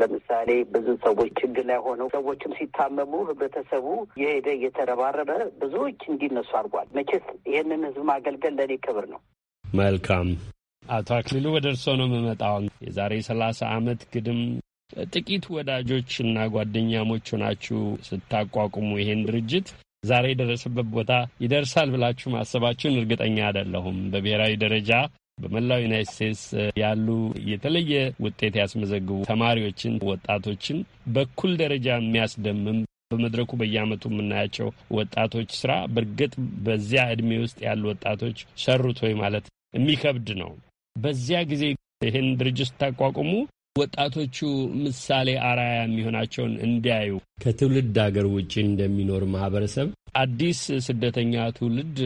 ለምሳሌ ብዙ ሰዎች ችግር ላይ ሆነው ሰዎችም ሲታመሙ ህብረተሰቡ የሄደ እየተረባረበ ብዙዎች እንዲነሱ አድርጓል። መቼስ ይህንን ህዝብ ማገልገል ለእኔ ክብር ነው። መልካም አቶ አክሊሉ ወደ እርስዎ ነው የምመጣው። የዛሬ ሰላሳ ዓመት ግድም ጥቂት ወዳጆች እና ጓደኛሞች ሆናችሁ ስታቋቁሙ ይሄን ድርጅት ዛሬ የደረሰበት ቦታ ይደርሳል ብላችሁ ማሰባችሁን እርግጠኛ አይደለሁም። በብሔራዊ ደረጃ በመላው ዩናይት ስቴትስ ያሉ የተለየ ውጤት ያስመዘግቡ ተማሪዎችን፣ ወጣቶችን በኩል ደረጃ የሚያስደምም በመድረኩ በየዓመቱ የምናያቸው ወጣቶች ስራ በእርግጥ በዚያ እድሜ ውስጥ ያሉ ወጣቶች ሰሩት ወይ ማለት የሚከብድ ነው። በዚያ ጊዜ ይህን ድርጅት ስታቋቁሙ ወጣቶቹ ምሳሌ አራያ የሚሆናቸውን እንዲያዩ ከትውልድ አገር ውጭ እንደሚኖር ማህበረሰብ አዲስ ስደተኛ ትውልድ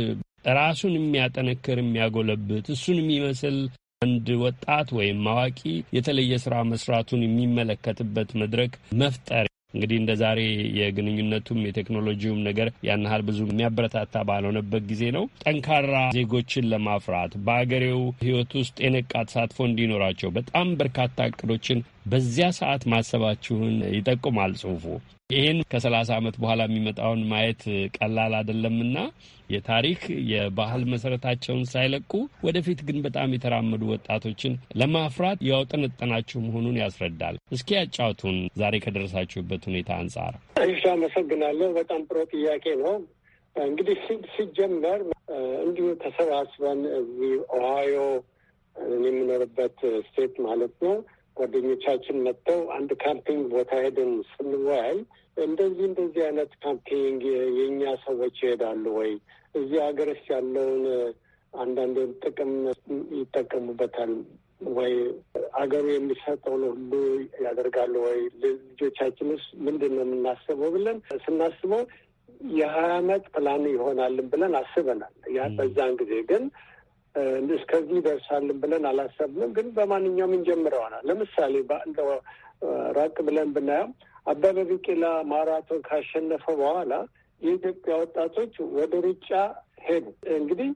ራሱን የሚያጠነክር የሚያጎለብት እሱን የሚመስል አንድ ወጣት ወይም አዋቂ የተለየ ስራ መስራቱን የሚመለከትበት መድረክ መፍጠር እንግዲህ እንደ ዛሬ የግንኙነቱም የቴክኖሎጂውም ነገር ያን ያህል ብዙ የሚያበረታታ ባልሆነበት ጊዜ ነው ጠንካራ ዜጎችን ለማፍራት በአገሬው ሕይወት ውስጥ የነቃ ተሳትፎ እንዲኖራቸው በጣም በርካታ እቅዶችን በዚያ ሰዓት ማሰባችሁን ይጠቁማል ጽሁፉ። ይህን ከሰላሳ ዓመት በኋላ የሚመጣውን ማየት ቀላል አይደለምና የታሪክ የባህል መሰረታቸውን ሳይለቁ ወደፊት ግን በጣም የተራመዱ ወጣቶችን ለማፍራት ያውጠነጠናችሁ መሆኑን ያስረዳል። እስኪ ያጫውቱን ዛሬ ከደረሳችሁበት ሁኔታ አንጻር። እሺ፣ አመሰግናለሁ። በጣም ጥሩ ጥያቄ ነው። እንግዲህ ሲጀመር እንዲሁ ተሰባስበን እዚህ ኦሃዮ የምኖርበት ስቴት ማለት ነው ጓደኞቻችን መጥተው አንድ ካምፒንግ ቦታ ሄደን ስንወያይ እንደዚህ እንደዚህ አይነት ካምፒንግ የእኛ ሰዎች ይሄዳሉ ወይ? እዚህ ሀገርስ ያለውን አንዳንድ ጥቅም ይጠቀሙበታል ወይ? አገሩ የሚሰጠውን ሁሉ ያደርጋሉ ወይ? ልጆቻችንስ ምንድን ነው የምናስበው ብለን ስናስበው የሀያ አመት ፕላን ይሆናልን ብለን አስበናል። ያ በዛን ጊዜ ግን እስከዚህ ይደርሳልን ብለን አላሰብንም፣ ግን በማንኛውም እንጀምረዋናል። ለምሳሌ በአንድ ራቅ ብለን ብናየው አበበ ቢቂላ ማራቶን ካሸነፈ በኋላ የኢትዮጵያ ወጣቶች ወደ ሩጫ ሄዱ። እንግዲህ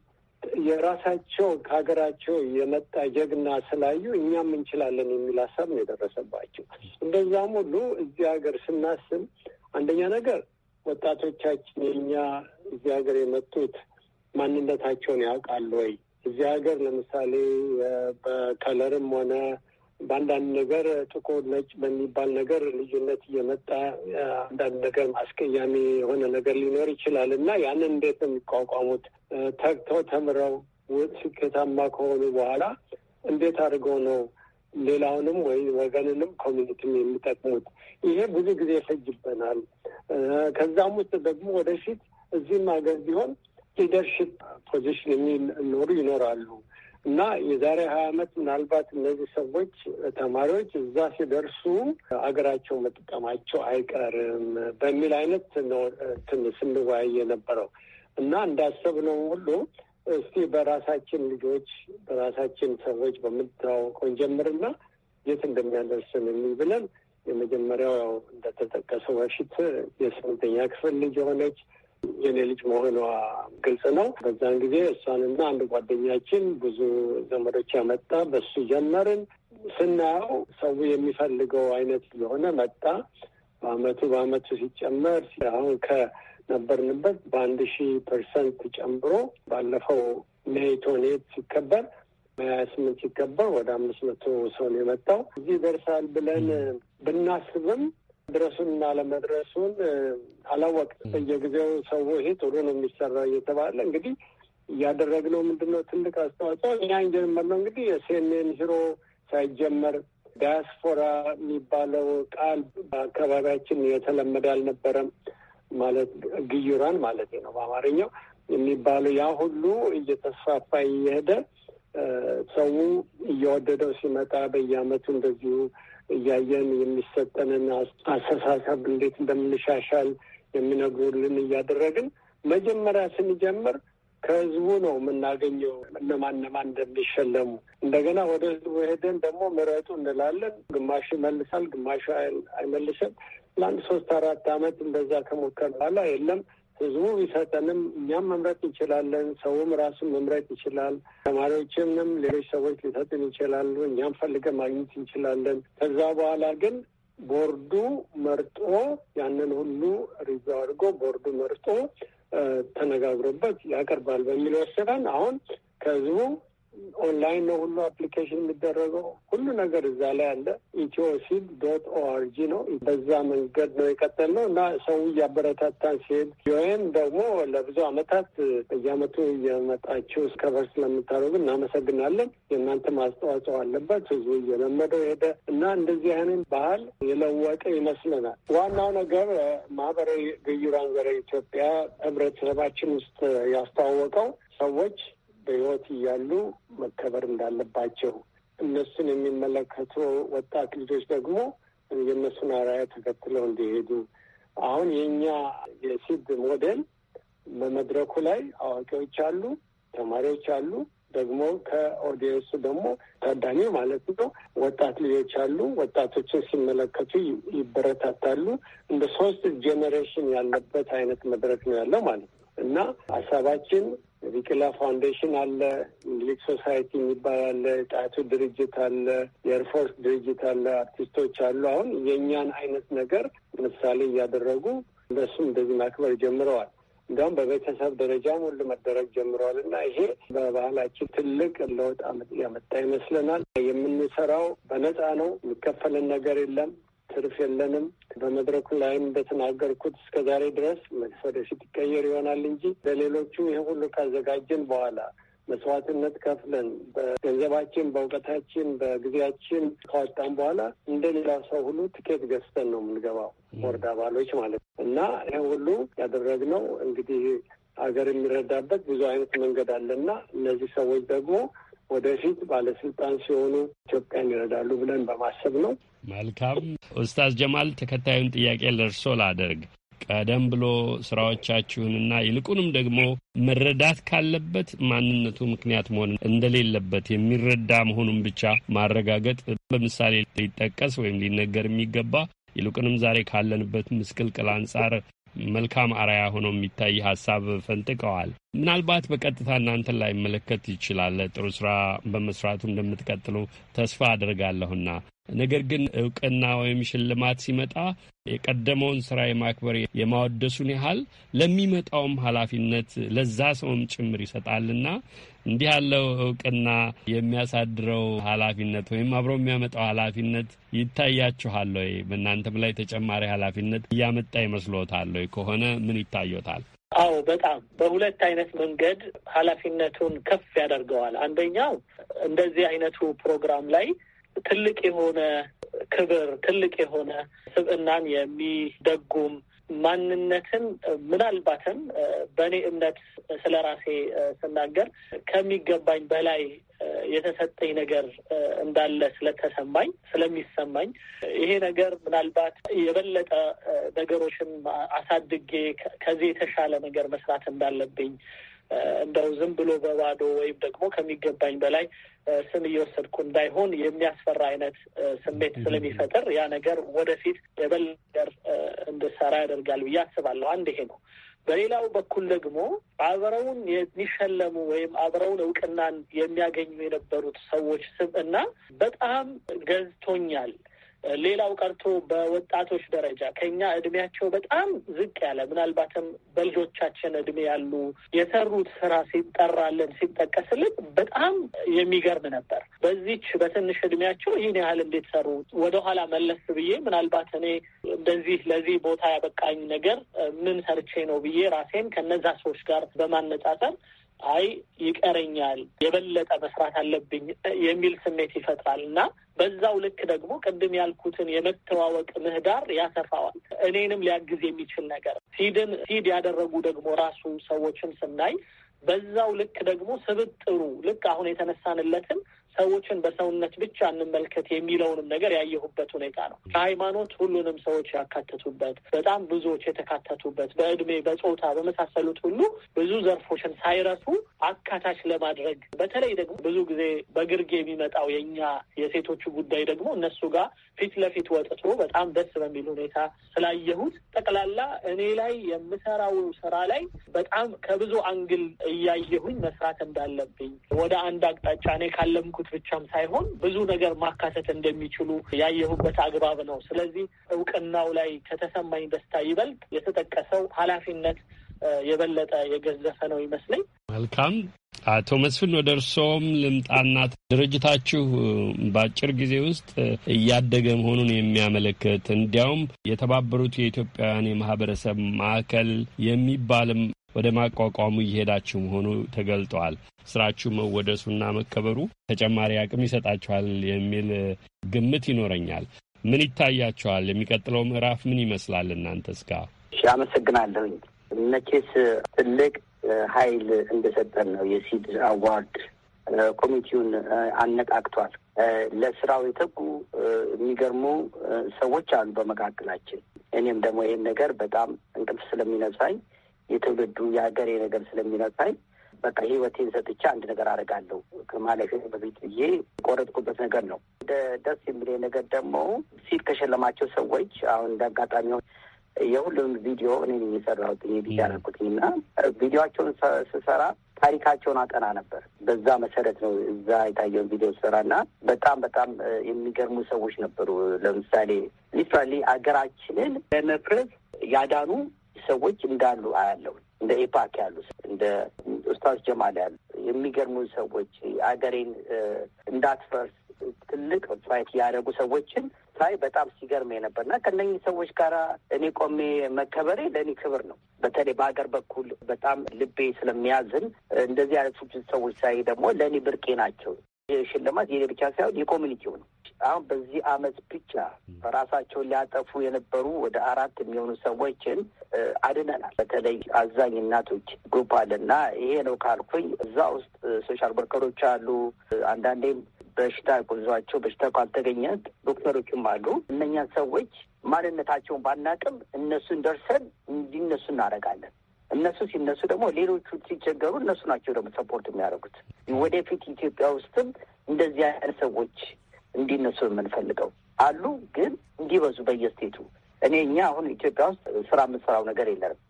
የራሳቸው ከሀገራቸው የመጣ ጀግና ስላዩ እኛም እንችላለን የሚል ሀሳብ ነው የደረሰባቸው። እንደዛም ሁሉ እዚህ ሀገር ስናስብ አንደኛ ነገር ወጣቶቻችን የእኛ እዚህ ሀገር የመጡት ማንነታቸውን ያውቃሉ ወይ? እዚህ ሀገር ለምሳሌ በከለርም ሆነ በአንዳንድ ነገር ጥቁር ነጭ በሚባል ነገር ልዩነት እየመጣ አንዳንድ ነገር አስቀያሚ የሆነ ነገር ሊኖር ይችላል እና ያንን እንዴት ነው የሚቋቋሙት? ተግተው ተምረው ስኬታማ ከሆኑ በኋላ እንዴት አድርገው ነው ሌላውንም ወይ ወገንንም ኮሚኒቲም የሚጠቅሙት? ይሄ ብዙ ጊዜ ይፈጅበናል። ከዛም ውስጥ ደግሞ ወደፊት እዚህም ሀገር ቢሆን ሊደርሽፕ ፖዚሽን የሚኖሩ ይኖራሉ እና የዛሬ ሀያ ዓመት ምናልባት እነዚህ ሰዎች ተማሪዎች እዛ ሲደርሱ አገራቸው መጠቀማቸው አይቀርም በሚል አይነት ስንወያይ የነበረው እና እንዳሰብነው ሁሉ እስቲ በራሳችን ልጆች በራሳችን ሰዎች በምታወቀውን ጀምርና የት እንደሚያደርስን የሚል ብለን የመጀመሪያው እንደተጠቀሰው በፊት የስምንተኛ ክፍል ልጅ የሆነች የኔ ልጅ መሆኗ ግልጽ ነው። በዛን ጊዜ እሷንና አንድ ጓደኛችን ብዙ ዘመዶች ያመጣ በሱ ጀመርን። ስናየው ሰው የሚፈልገው አይነት የሆነ መጣ። በአመቱ በአመቱ ሲጨመር አሁን ከነበርንበት በአንድ ሺህ ፐርሰንት ጨምሮ ባለፈው ሜቶኔት ሲከበር በሀያ ስምንት ሲከበር ወደ አምስት መቶ ሰው ነው የመጣው። እዚህ ደርሳል ብለን ብናስብም መድረሱን እና ለመድረሱን አላወቅ በየጊዜው ሰው ይሄ ጥሩ ነው የሚሰራ እየተባለ እንግዲህ እያደረግነው ምንድነው ትልቅ አስተዋጽኦ እኛ እንጀምር ነው እንግዲህ የሴሜን ሂሮ ሳይጀመር ዳያስፖራ የሚባለው ቃል በአካባቢያችን የተለመደ አልነበረም። ማለት ግዩራን ማለት ነው በአማርኛው የሚባለው ያ ሁሉ እየተስፋፋ እየሄደ ሰው እየወደደው ሲመጣ በየአመቱ እንደዚሁ እያየን የሚሰጠንን አስተሳሰብ እንዴት እንደምንሻሻል የሚነግሩልን እያደረግን መጀመሪያ ስንጀምር ከህዝቡ ነው የምናገኘው እነማን እነማን እንደሚሸለሙ። እንደገና ወደ ህዝቡ ሄደን ደግሞ ምረጡ እንላለን። ግማሹ ይመልሳል፣ ግማሹ አይመልስም። ለአንድ ሶስት አራት አመት እንደዛ ከሞከር በኋላ የለም ህዝቡ ቢሰጠንም እኛም መምረጥ እንችላለን። ሰውም ራሱን መምረጥ ይችላል። ተማሪዎችንም ሌሎች ሰዎች ሊሰጥን ይችላሉ። እኛም ፈልገን ማግኘት እንችላለን። ከዛ በኋላ ግን ቦርዱ መርጦ ያንን ሁሉ ሪቪው አድርጎ ቦርዱ መርጦ ተነጋግሮበት ያቀርባል በሚል ወስደን አሁን ከህዝቡ ኦንላይን ነው ሁሉ አፕሊኬሽን የሚደረገው ሁሉ ነገር እዛ ላይ አለ። ኢትዮሲድ ዶት ኦአርጂ ነው። በዛ መንገድ ነው ነው እና ሰው እያበረታታን ሲሄድ ዩኤን ደግሞ ለብዙ አመታት በየአመቱ እየመጣችው እስከቨር ስለምታደርጉ እናመሰግናለን። የእናንተ ማስተዋጽኦ አለበት። ህዝቡ እየለመደው ሄደ እና እንደዚህ አይነት ባህል የለወጠ ይመስለናል። ዋናው ነገር ማህበራዊ ግዩራን ዘረ ኢትዮጵያ ህብረተሰባችን ውስጥ ያስተዋወቀው ሰዎች በህይወት እያሉ መከበር እንዳለባቸው እነሱን የሚመለከቱ ወጣት ልጆች ደግሞ የእነሱን አርአያ ተከትለው እንዲሄዱ አሁን የእኛ የሲድ ሞዴል በመድረኩ ላይ አዋቂዎች አሉ፣ ተማሪዎች አሉ፣ ደግሞ ከኦዲየንሱ ደግሞ ታዳሚ ማለት ነው ወጣት ልጆች አሉ። ወጣቶችን ሲመለከቱ ይበረታታሉ። እንደ ሶስት ጄኔሬሽን ያለበት አይነት መድረክ ነው ያለው ማለት ነው። እና ሀሳባችን ቢቂላ ፋውንዴሽን አለ፣ እንግሊክ ሶሳይቲ የሚባል አለ፣ ጣቱ ድርጅት አለ፣ የርፎርስ ድርጅት አለ፣ አርቲስቶች አሉ። አሁን የእኛን አይነት ነገር ምሳሌ እያደረጉ እነሱም እንደዚህ ማክበር ጀምረዋል። እንዲሁም በቤተሰብ ደረጃም ሁሉ መደረግ ጀምረዋል እና ይሄ በባህላችን ትልቅ ለውጥ ያመጣ ይመስለናል። የምንሰራው በነፃ ነው። የሚከፈልን ነገር የለም። ትርፍ የለንም። በመድረኩ ላይም እንደተናገርኩት እስከ ዛሬ ድረስ ወደፊት ይቀየር ይሆናል እንጂ ለሌሎቹ ይህ ሁሉ ካዘጋጀን በኋላ መስዋዕትነት ከፍለን በገንዘባችን፣ በእውቀታችን፣ በጊዜያችን ካወጣን በኋላ እንደ ሌላ ሰው ሁሉ ትኬት ገዝተን ነው የምንገባው ቦርድ አባሎች ማለት ነው እና ይህ ሁሉ ያደረግነው እንግዲህ ሀገር የሚረዳበት ብዙ አይነት መንገድ አለና እነዚህ ሰዎች ደግሞ ወደፊት ባለስልጣን ሲሆኑ ኢትዮጵያን ይረዳሉ ብለን በማሰብ ነው። መልካም ኡስታዝ ጀማል፣ ተከታዩን ጥያቄ ለእርሶ ላደርግ። ቀደም ብሎ ስራዎቻችሁንና ይልቁንም ደግሞ መረዳት ካለበት ማንነቱ ምክንያት መሆን እንደሌለበት የሚረዳ መሆኑን ብቻ ማረጋገጥ በምሳሌ ሊጠቀስ ወይም ሊነገር የሚገባ ይልቁንም ዛሬ ካለንበት ምስቅልቅል አንጻር መልካም አርአያ ሆኖ የሚታይ ሀሳብ ፈንጥቀዋል። ምናልባት በቀጥታ እናንተን መለከት ይችላል። ጥሩ ስራ በመስራቱ እንደምትቀጥሉ ተስፋ አድርጋለሁና ነገር ግን እውቅና ወይም ሽልማት ሲመጣ የቀደመውን ስራ የማክበር የማወደሱን ያህል ለሚመጣውም ኃላፊነት ለዛ ሰውም ጭምር ይሰጣልና እንዲህ ያለው እውቅና የሚያሳድረው ኃላፊነት ወይም አብሮ የሚያመጣው ኃላፊነት ይታያችኋል ወይ? በእናንተም ላይ ተጨማሪ ኃላፊነት እያመጣ ይመስሎታል ወይ? ከሆነ ምን ይታዮታል? አዎ በጣም በሁለት አይነት መንገድ ኃላፊነቱን ከፍ ያደርገዋል። አንደኛው እንደዚህ አይነቱ ፕሮግራም ላይ ትልቅ የሆነ ክብር፣ ትልቅ የሆነ ስብዕናን የሚደጉም ማንነትን ምናልባትም በእኔ እምነት ስለ ራሴ ስናገር ከሚገባኝ በላይ የተሰጠኝ ነገር እንዳለ ስለተሰማኝ ስለሚሰማኝ ይሄ ነገር ምናልባት የበለጠ ነገሮችን አሳድጌ ከዚህ የተሻለ ነገር መስራት እንዳለብኝ እንደው ዝም ብሎ በባዶ ወይም ደግሞ ከሚገባኝ በላይ ስም እየወሰድኩ እንዳይሆን የሚያስፈራ አይነት ስሜት ስለሚፈጥር ያ ነገር ወደፊት የበል እንድሰራ ያደርጋል ብዬ አስባለሁ። አንድ ይሄ ነው። በሌላው በኩል ደግሞ አብረውን የሚሸለሙ ወይም አብረውን እውቅናን የሚያገኙ የነበሩት ሰዎች ስም እና በጣም ገዝቶኛል ሌላው ቀርቶ በወጣቶች ደረጃ ከኛ እድሜያቸው በጣም ዝቅ ያለ ምናልባትም በልጆቻችን እድሜ ያሉ የሰሩት ስራ ሲጠራልን ሲጠቀስልን በጣም የሚገርም ነበር። በዚች በትንሽ እድሜያቸው ይህን ያህል እንዴት ሰሩ? ወደኋላ መለስ ብዬ ምናልባት እኔ እንደዚህ ለዚህ ቦታ ያበቃኝ ነገር ምን ሰርቼ ነው ብዬ ራሴን ከነዛ ሰዎች ጋር በማነጻጸር አይ ይቀረኛል፣ የበለጠ መስራት አለብኝ የሚል ስሜት ይፈጥራል እና በዛው ልክ ደግሞ ቅድም ያልኩትን የመተዋወቅ ምህዳር ያሰፋዋል። እኔንም ሊያግዝ የሚችል ነገር ሲድን ሲድ ያደረጉ ደግሞ ራሱ ሰዎችን ስናይ በዛው ልክ ደግሞ ስብጥሩ ልክ አሁን የተነሳንለትን ሰዎችን በሰውነት ብቻ እንመልከት የሚለውንም ነገር ያየሁበት ሁኔታ ነው። ከሃይማኖት ሁሉንም ሰዎች ያካተቱበት፣ በጣም ብዙዎች የተካተቱበት፣ በእድሜ በጾታ በመሳሰሉት ሁሉ ብዙ ዘርፎችን ሳይረሱ አካታች ለማድረግ በተለይ ደግሞ ብዙ ጊዜ በግርጌ የሚመጣው የእኛ የሴቶቹ ጉዳይ ደግሞ እነሱ ጋር ፊት ለፊት ወጥቶ በጣም ደስ በሚል ሁኔታ ስላየሁት ጠቅላላ እኔ ላይ የምሰራው ስራ ላይ በጣም ከብዙ አንግል እያየሁኝ መስራት እንዳለብኝ ወደ አንድ አቅጣጫ እኔ ካለምኩት ሃይማኖት ብቻም ሳይሆን ብዙ ነገር ማካተት እንደሚችሉ ያየሁበት አግባብ ነው። ስለዚህ እውቅናው ላይ ከተሰማኝ ደስታ ይበልጥ የተጠቀሰው ኃላፊነት የበለጠ የገዘፈ ነው ይመስለኝ። መልካም አቶ መስፍን ወደ እርሶም ልምጣና ድርጅታችሁ በአጭር ጊዜ ውስጥ እያደገ መሆኑን የሚያመለክት እንዲያውም የተባበሩት የኢትዮጵያውያን የማህበረሰብ ማዕከል የሚባልም ወደ ማቋቋሙ እየሄዳችሁ መሆኑ ተገልጧል። ስራችሁ መወደሱና መከበሩ ተጨማሪ አቅም ይሰጣችኋል የሚል ግምት ይኖረኛል። ምን ይታያችኋል? የሚቀጥለው ምዕራፍ ምን ይመስላል? እናንተ እስጋ አመሰግናለሁኝ። መቼስ ትልቅ ኃይል እንደሰጠን ነው የሲድ አዋርድ ኮሚቴውን አነቃቅቷል። ለስራው የተጉ የሚገርሙ ሰዎች አሉ በመካከላችን። እኔም ደግሞ ይህን ነገር በጣም እንቅልፍ ስለሚነሳኝ የትውልዱ የሀገሬ ነገር ስለሚነሳኝ በቃ ህይወቴን ሰጥቼ አንድ ነገር አደርጋለሁ ከማለፊ በፊት ብዬ ነገር ነው። ደስ የሚለኝ ነገር ደግሞ ሲል ከሸለማቸው ሰዎች አሁን እንደ አጋጣሚ የሁሉም ቪዲዮ እኔ የሰራሁት ብዬ ያደረኩት እና ቪዲዮቸውን ስሰራ ታሪካቸውን አጠና ነበር። በዛ መሰረት ነው እዛ የታየውን ቪዲዮ ስሰራ እና በጣም በጣም የሚገርሙ ሰዎች ነበሩ። ለምሳሌ ሊትራሊ አገራችንን ለመፍረስ ያዳኑ ሰዎች እንዳሉ አያለው። እንደ ኢፓክ ያሉ እንደ ኡስታዝ ጀማል ያሉ የሚገርሙ ሰዎች አገሬን እንዳትፈርስ ትልቅ ፋይት ያደረጉ ሰዎችን ሳይ በጣም ሲገርም የነበር እና ከእነኝህ ሰዎች ጋር እኔ ቆሜ መከበሬ ለእኔ ክብር ነው። በተለይ በሀገር በኩል በጣም ልቤ ስለሚያዝን እንደዚህ አይነት ሰዎች ሳይ ደግሞ ለእኔ ብርቄ ናቸው። ሽልማት የኔ ብቻ ሳይሆን የኮሚኒቲው ነው። አሁን በዚህ አመት ብቻ በራሳቸውን ሊያጠፉ የነበሩ ወደ አራት የሚሆኑ ሰዎችን አድነናል። በተለይ አዛኝ እናቶች ግሩፕ አለና ይሄ ነው ካልኩኝ እዛ ውስጥ ሶሻል ወርከሮች አሉ። አንዳንዴም በሽታ ጎዟቸው በሽታ ካልተገኘ ዶክተሮችም አሉ። እነኛ ሰዎች ማንነታቸውን ባናቅም እነሱን ደርሰን እንዲነሱ እናደርጋለን። እነሱ ሲነሱ ደግሞ ሌሎቹ ሲቸገሩ እነሱ ናቸው ደግሞ ሰፖርት የሚያደርጉት። ወደፊት ኢትዮጵያ ውስጥም እንደዚህ አይነት ሰዎች እንዲነሱ የምንፈልገው አሉ፣ ግን እንዲበዙ በየስቴቱ እኔ እኛ አሁን ኢትዮጵያ ውስጥ ስራ የምንሰራው ነገር የለንም።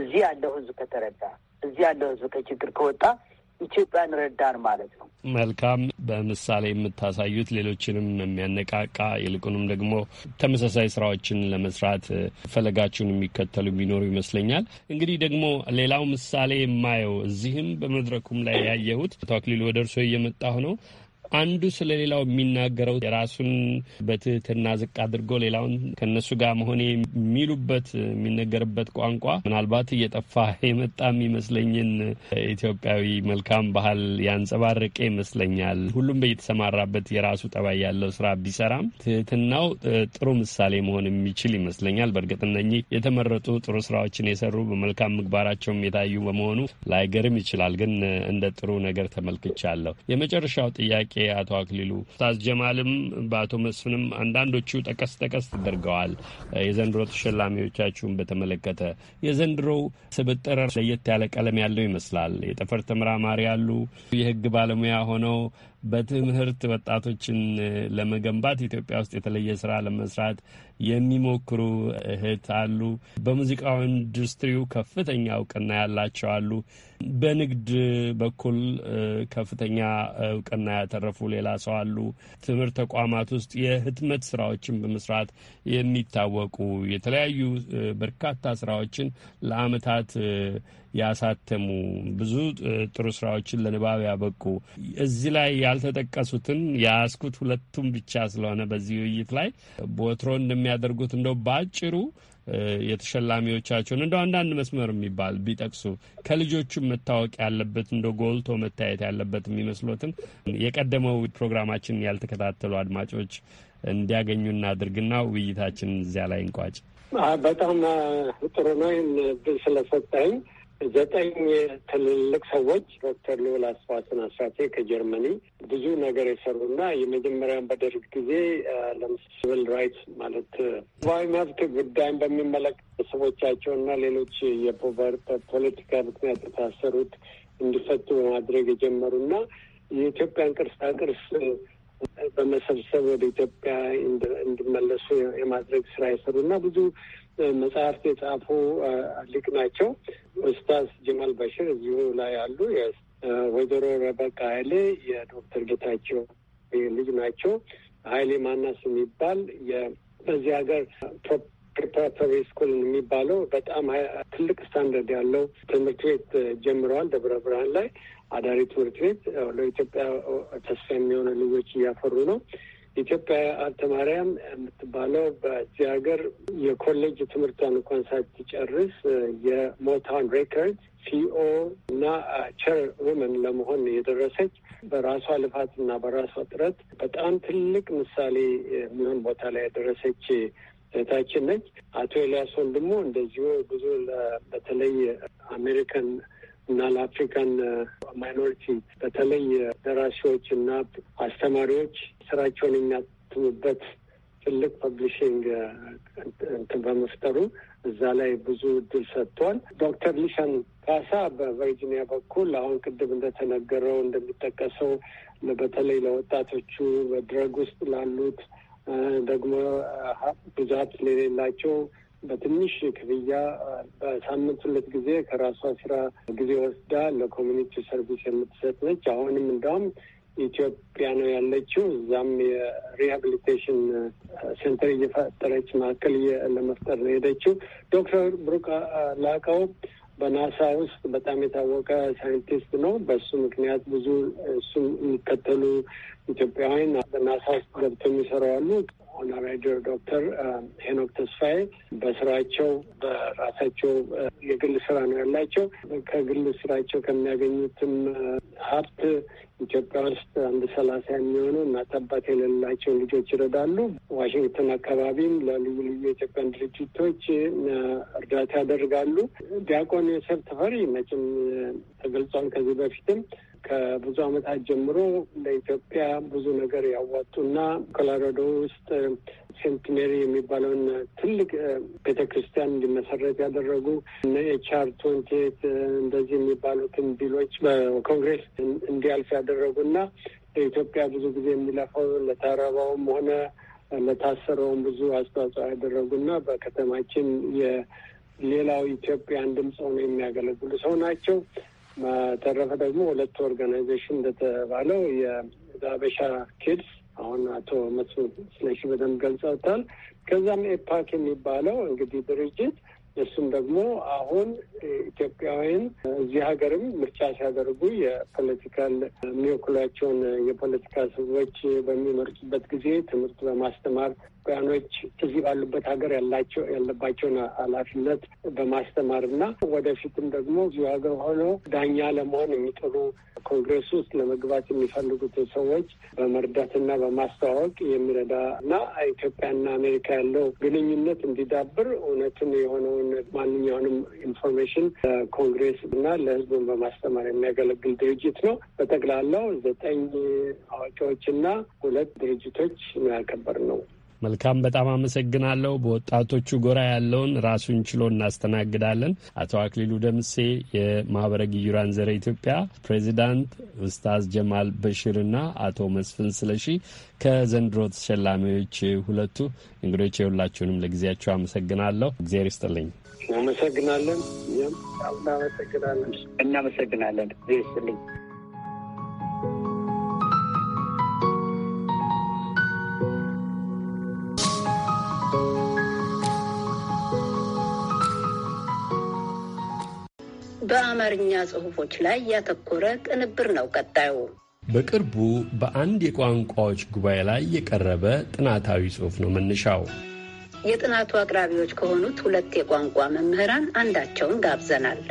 እዚህ ያለው ህዝብ ከተረዳ፣ እዚህ ያለው ህዝብ ከችግር ከወጣ ኢትዮጵያን ረዳን ማለት ነው። መልካም በምሳሌ የምታሳዩት ሌሎችንም የሚያነቃቃ ይልቁንም ደግሞ ተመሳሳይ ስራዎችን ለመስራት ፈለጋችሁን የሚከተሉ የሚኖሩ ይመስለኛል። እንግዲህ ደግሞ ሌላው ምሳሌ የማየው እዚህም በመድረኩም ላይ ያየሁት አቶ አክሊሉ ወደ እርሶ እየመጣሁ ነው አንዱ ስለ ሌላው የሚናገረው የራሱን በትህትና ዝቅ አድርጎ ሌላውን ከእነሱ ጋር መሆኔ የሚሉበት የሚነገርበት ቋንቋ ምናልባት እየጠፋ የመጣ የሚመስለኝን ኢትዮጵያዊ መልካም ባህል ያንጸባረቀ ይመስለኛል። ሁሉም በየተሰማራበት የራሱ ጠባይ ያለው ስራ ቢሰራም ትህትናው ጥሩ ምሳሌ መሆን የሚችል ይመስለኛል። በእርግጥ እነኚህ የተመረጡ ጥሩ ስራዎችን የሰሩ በመልካም ምግባራቸውም የታዩ በመሆኑ ላይገርም ይችላል። ግን እንደ ጥሩ ነገር ተመልክቻለሁ። የመጨረሻው ጥያቄ አቶ አክሊሉ ኡስታዝ ጀማልም በአቶ መስፍንም አንዳንዶቹ ጠቀስ ጠቀስ ተደርገዋል። የዘንድሮ ተሸላሚዎቻችሁን በተመለከተ የዘንድሮው ስብጥር ለየት ያለ ቀለም ያለው ይመስላል። የጠፈር ተመራማሪ ያሉ የህግ ባለሙያ ሆነው በትምህርት ወጣቶችን ለመገንባት ኢትዮጵያ ውስጥ የተለየ ስራ ለመስራት የሚሞክሩ እህት አሉ። በሙዚቃው ኢንዱስትሪው ከፍተኛ እውቅና ያላቸው አሉ። በንግድ በኩል ከፍተኛ እውቅና ያተረፉ ሌላ ሰው አሉ። ትምህርት ተቋማት ውስጥ የህትመት ስራዎችን በመስራት የሚታወቁ የተለያዩ በርካታ ስራዎችን ለአመታት ያሳተሙ ብዙ ጥሩ ስራዎችን ለንባብ ያበቁ እዚህ ላይ ያልተጠቀሱትን የያዝኩት ሁለቱም ብቻ ስለሆነ በዚህ ውይይት ላይ ቦትሮ እንደሚያደርጉት እንደው በአጭሩ የተሸላሚዎቻቸውን እንደ አንዳንድ መስመር የሚባል ቢጠቅሱ ከልጆቹም መታወቅ ያለበት እንደ ጎልቶ መታየት ያለበት የሚመስሎትን የቀደመው ፕሮግራማችንን ያልተከታተሉ አድማጮች እንዲያገኙ እናድርግና ውይይታችን እዚያ ላይ እንቋጭ። በጣም ጥሩ ነው። ይህን ብል ስለሰጠኝ ዘጠኝ ትልልቅ ሰዎች ዶክተር ልዑል አስፋትን አስራቴ ከጀርመኒ ብዙ ነገር የሰሩና የመጀመሪያን በደርግ ጊዜ ሲቪል ራይትስ ማለት ሰብአዊ መብት ጉዳይን በሚመለከት ቤተሰቦቻቸውና ሌሎች የፖለቲካ ምክንያት የታሰሩት እንዲፈቱ በማድረግ የጀመሩና የኢትዮጵያን ቅርሳ ቅርስ በመሰብሰብ ወደ ኢትዮጵያ እንዲመለሱ የማድረግ ስራ የሰሩና ብዙ መጽሐፍት የጻፉ ሊቅ ናቸው። ኡስታዝ ጀማል በሽር እዚሁ ላይ አሉ። ወይዘሮ ረበቃ ኃይሌ የዶክተር ጌታቸው ልጅ ናቸው። ኃይሌ ማናስ የሚባል በዚህ ሀገር ፕሪፓራቶሪ ስኩል የሚባለው በጣም ትልቅ ስታንዳርድ ያለው ትምህርት ቤት ጀምረዋል። ደብረ ብርሃን ላይ አዳሪ ትምህርት ቤት ለኢትዮጵያ ተስፋ የሚሆኑ ልጆች እያፈሩ ነው። ኢትዮጵያ ሀብተ ማርያም የምትባለው በዚህ ሀገር የኮሌጅ ትምህርቷን እንኳን ሳትጨርስ የሞታውን ሬከርድ ሲኦ እና ቸር ውመን ለመሆን የደረሰች በራሷ ልፋት እና በራሷ ጥረት በጣም ትልቅ ምሳሌ የሚሆን ቦታ ላይ ያደረሰች እህታችን ነች። አቶ ኤልያስ ወንድሙ እንደዚሁ ብዙ በተለይ አሜሪካን እና ለአፍሪካን ማይኖሪቲ በተለይ ደራሲዎች እና አስተማሪዎች ስራቸውን የሚያትሙበት ትልቅ ፐብሊሽንግ እንትን በመፍጠሩ እዛ ላይ ብዙ እድል ሰጥቷል። ዶክተር ሊሻን ካሳ በቨርጂኒያ በኩል አሁን ቅድም እንደተነገረው እንደሚጠቀሰው በተለይ ለወጣቶቹ በድረግ ውስጥ ላሉት ደግሞ ብዛት ለሌላቸው በትንሽ ክፍያ በሳምንት ሁለት ጊዜ ከራሷ ስራ ጊዜ ወስዳ ለኮሚኒቲ ሰርቪስ የምትሰጥ ነች። አሁንም እንዳውም ኢትዮጵያ ነው ያለችው። እዛም የሪሃብሊቴሽን ሴንተር እየፈጠረች መካከል ለመፍጠር ነው ሄደችው። ዶክተር ብሩክ ላቀው በናሳ ውስጥ በጣም የታወቀ ሳይንቲስት ነው። በሱ ምክንያት ብዙ እሱ የሚከተሉ ኢትዮጵያውያን በናሳ ውስጥ ገብተው የሚሰሩ አሉ። ዋና ዶክተር ሄኖክ ተስፋዬ በስራቸው በራሳቸው የግል ስራ ነው ያላቸው። ከግል ስራቸው ከሚያገኙትም ሀብት ኢትዮጵያ ውስጥ አንድ ሰላሳ የሚሆኑ እናት አባት የሌላቸው ልጆች ይረዳሉ። ዋሽንግተን አካባቢም ለልዩ ልዩ የኢትዮጵያን ድርጅቶች እርዳታ ያደርጋሉ። ዲያቆን ዮሴፍ ተፈሪ መቼም ተገልጿል ከዚህ በፊትም ከብዙ ዓመታት ጀምሮ ለኢትዮጵያ ብዙ ነገር እና ኮሎራዶ ውስጥ ሴንት ሜሪ የሚባለውን ትልቅ ቤተ ክርስቲያን እንዲመሰረት ያደረጉ እነ ኤችአር ትወንቲ እንደዚህ የሚባሉትን ቢሎች በኮንግሬስ እንዲያልፍ እና ለኢትዮጵያ ብዙ ጊዜ የሚለፈው ለተረባውም ሆነ ለታሰረውም ብዙ አስተዋጽኦ ያደረጉና በከተማችን የሌላው ኢትዮጵያን ድምፅ ሆነው የሚያገለግሉ ሰው ናቸው። በተረፈ ደግሞ ሁለቱ ኦርጋናይዜሽን እንደተባለው የሀበሻ ኪድስ አሁን አቶ መስፍን ስለሺ በደንብ ገልጸውታል። ከዛም ኤፓክ የሚባለው እንግዲህ ድርጅት እሱም ደግሞ አሁን ኢትዮጵያውያን እዚህ ሀገርም ምርጫ ሲያደርጉ የፖለቲካል የሚወክሏቸውን የፖለቲካ ሰዎች በሚመርጡበት ጊዜ ትምህርት በማስተማር ኢትዮጵያኖች እዚህ ባሉበት ሀገር ያላቸው ያለባቸውን ኃላፊነት በማስተማር እና ወደፊትም ደግሞ እዚሁ ሀገር ሆኖ ዳኛ ለመሆን የሚጥሩ ኮንግሬስ ውስጥ ለመግባት የሚፈልጉትን ሰዎች በመርዳት እና በማስተዋወቅ የሚረዳ እና ኢትዮጵያና አሜሪካ ያለው ግንኙነት እንዲዳብር እውነትን የሆነውን ማንኛውንም ኢንፎርሜሽን ለኮንግሬስ እና ለሕዝቡን በማስተማር የሚያገለግል ድርጅት ነው። በጠቅላላው ዘጠኝ አዋቂዎች እና ሁለት ድርጅቶች ያከበር ነው። መልካም፣ በጣም አመሰግናለሁ። በወጣቶቹ ጎራ ያለውን ራሱን ችሎ እናስተናግዳለን። አቶ አክሊሉ ደምሴ የማህበረ ግዩራን ዘረ ኢትዮጵያ ፕሬዚዳንት፣ ኡስታዝ ጀማል በሽርና አቶ መስፍን ስለሺ ከዘንድሮ ተሸላሚዎች ሁለቱ እንግዶች፣ የሁላችሁንም ለጊዜያቸው አመሰግናለሁ። እግዚአብሔር ይስጥልኝ። እናመሰግናለን። እናመሰግናለን። እናመሰግናለን። እግዚአብሔር ይስጥልኝ። በአማርኛ ጽሑፎች ላይ ያተኮረ ቅንብር ነው ቀጣዩ። በቅርቡ በአንድ የቋንቋዎች ጉባኤ ላይ የቀረበ ጥናታዊ ጽሑፍ ነው መነሻው። የጥናቱ አቅራቢዎች ከሆኑት ሁለት የቋንቋ መምህራን አንዳቸውን ጋብዘናል።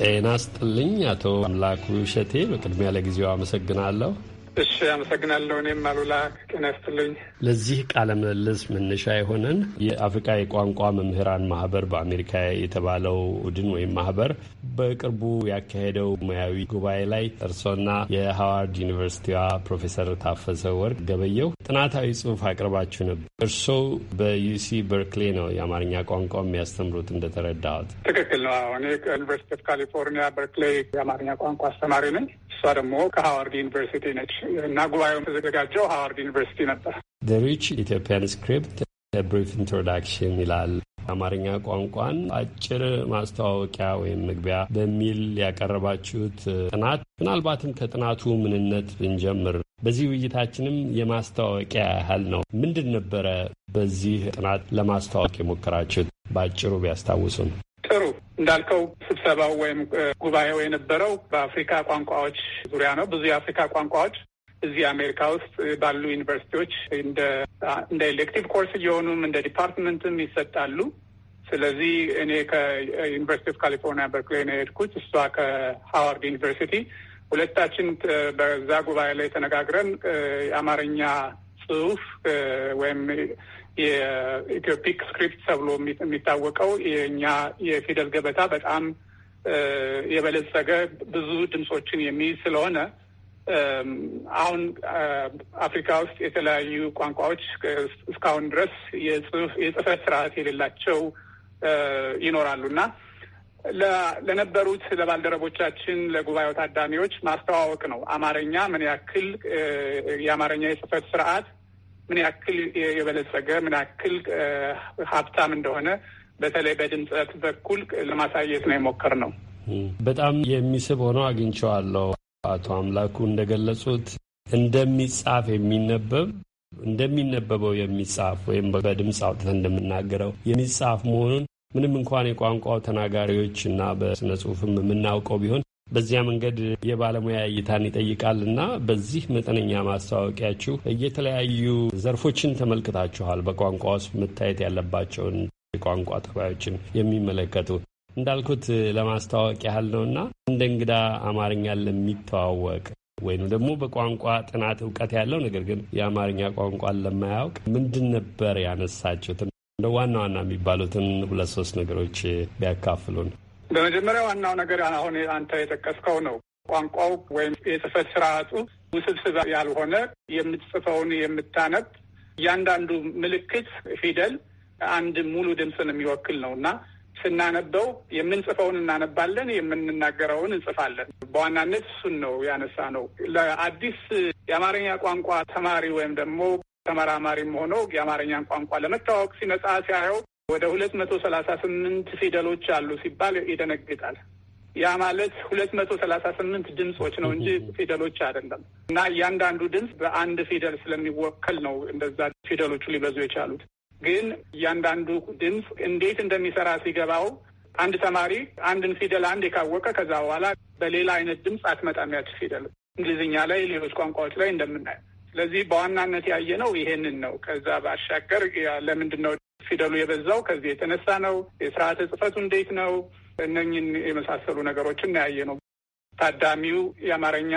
ጤና ስጥልኝ አቶ አምላኩ እሸቴ፣ በቅድሚያ ለጊዜው አመሰግናለሁ። እሺ፣ አመሰግናለሁ። እኔም አሉላ ጤና ለዚህ ቃለ ምልልስ መነሻ የሆነን የአፍሪካ የቋንቋ መምህራን ማህበር በአሜሪካ የተባለው ቡድን ወይም ማህበር በቅርቡ ያካሄደው ሙያዊ ጉባኤ ላይ እርሶና የሃዋርድ ዩኒቨርሲቲዋ ፕሮፌሰር ታፈሰ ወርቅ ገበየው ጥናታዊ ጽሁፍ አቅርባችሁ ነበር። እርሶ በዩሲ በርክሌ ነው የአማርኛ ቋንቋ የሚያስተምሩት እንደተረዳሁት። ትክክል ነው። አሁን ከዩኒቨርሲቲ ኦፍ ካሊፎርኒያ በርክሌ የአማርኛ ቋንቋ አስተማሪ ነኝ። እሷ ደግሞ ከሃዋርድ ዩኒቨርሲቲ ነች። እና ጉባኤው የተዘጋጀው ሃዋርድ ዩኒቨርሲቲ ነበር። ኢትዮጵያን ስክሪፕት ብሪፍ ኢንትሮዳክሽን ይላል። አማርኛ ቋንቋን አጭር ማስተዋወቂያ ወይም መግቢያ በሚል ያቀረባችሁት ጥናት ምናልባትም ከጥናቱ ምንነት ብንጀምር በዚህ ውይይታችንም የማስተዋወቂያ ያህል ነው። ምንድን ነበረ በዚህ ጥናት ለማስተዋወቅ የሞከራችሁት? በአጭሩ ቢያስታውሱን። ጥሩ እንዳልከው ስብሰባው ወይም ጉባኤው የነበረው በአፍሪካ ቋንቋዎች ዙሪያ ነው። ብዙ የአፍሪካ ቋንቋዎች እዚህ አሜሪካ ውስጥ ባሉ ዩኒቨርሲቲዎች እንደ ኤሌክቲቭ ኮርስ እየሆኑም እንደ ዲፓርትመንትም ይሰጣሉ። ስለዚህ እኔ ከዩኒቨርሲቲ ኦፍ ካሊፎርኒያ በርክሌ ነው የሄድኩት፣ እሷ ከሃዋርድ ዩኒቨርሲቲ። ሁለታችን በዛ ጉባኤ ላይ ተነጋግረን የአማርኛ ጽሁፍ ወይም የኢትዮፒክ ስክሪፕት ተብሎ የሚታወቀው የእኛ የፊደል ገበታ በጣም የበለጸገ ብዙ ድምፆችን የሚይዝ ስለሆነ አሁን አፍሪካ ውስጥ የተለያዩ ቋንቋዎች እስካሁን ድረስ የጽህፈት ስርዓት የሌላቸው ይኖራሉ እና ለነበሩት ለባልደረቦቻችን ለጉባኤው ታዳሚዎች ማስተዋወቅ ነው። አማርኛ ምን ያክል የአማርኛ የጽህፈት ስርዓት ምን ያክል የበለጸገ ምን ያክል ሀብታም እንደሆነ በተለይ በድምጸት በኩል ለማሳየት ነው የሞከር ነው። በጣም የሚስብ ሆኖ አግኝቸዋለሁ። አቶ አምላኩ እንደገለጹት እንደሚጻፍ የሚነበብ እንደሚነበበው የሚጻፍ ወይም በድምፅ አውጥተ እንደምናገረው የሚጻፍ መሆኑን ምንም እንኳን የቋንቋው ተናጋሪዎች እና በስነ ጽሁፍም የምናውቀው ቢሆን በዚያ መንገድ የባለሙያ እይታን ይጠይቃል እና በዚህ መጠነኛ ማስተዋወቂያችሁ የተለያዩ ዘርፎችን ተመልክታችኋል። በቋንቋ ውስጥ መታየት ያለባቸውን የቋንቋ ጠባዮችን የሚመለከቱ እንዳልኩት ለማስተዋወቅ ያህል ነውና እንደ እንግዳ አማርኛ ለሚተዋወቅ ወይም ደግሞ በቋንቋ ጥናት እውቀት ያለው ነገር ግን የአማርኛ ቋንቋን ለማያውቅ ምንድን ነበር ያነሳችሁት? እንደ ዋና ዋና የሚባሉትን ሁለት ሶስት ነገሮች ቢያካፍሉን። በመጀመሪያ ዋናው ነገር አሁን አንተ የጠቀስከው ነው። ቋንቋው ወይም የጽህፈት ስርዓቱ ውስብስብ ያልሆነ የምትጽፈውን የምታነብ እያንዳንዱ ምልክት ፊደል አንድ ሙሉ ድምፅን የሚወክል ነው እና ስናነበው የምንጽፈውን እናነባለን፣ የምንናገረውን እንጽፋለን። በዋናነት እሱን ነው ያነሳ ነው። ለአዲስ የአማርኛ ቋንቋ ተማሪ ወይም ደግሞ ተመራማሪም ሆኖ የአማርኛን ቋንቋ ለመታወቅ ሲነጻ ሲያየው ወደ ሁለት መቶ ሰላሳ ስምንት ፊደሎች አሉ ሲባል ይደነግጣል። ያ ማለት ሁለት መቶ ሰላሳ ስምንት ድምፆች ነው እንጂ ፊደሎች አይደለም። እና እያንዳንዱ ድምፅ በአንድ ፊደል ስለሚወከል ነው እንደዛ ፊደሎቹ ሊበዙ የቻሉት። ግን እያንዳንዱ ድምፅ እንዴት እንደሚሰራ ሲገባው አንድ ተማሪ አንድን ፊደል አንድ የካወቀ ከዛ በኋላ በሌላ አይነት ድምፅ አትመጣም ያች ፊደል እንግሊዝኛ ላይ፣ ሌሎች ቋንቋዎች ላይ እንደምናየው። ስለዚህ በዋናነት ያየ ነው ይሄንን ነው። ከዛ ባሻገር ለምንድን ነው ፊደሉ የበዛው? ከዚህ የተነሳ ነው። የስርዓተ ጽፈቱ እንዴት ነው? እነኝን የመሳሰሉ ነገሮችን ያየ ነው። ታዳሚው የአማርኛ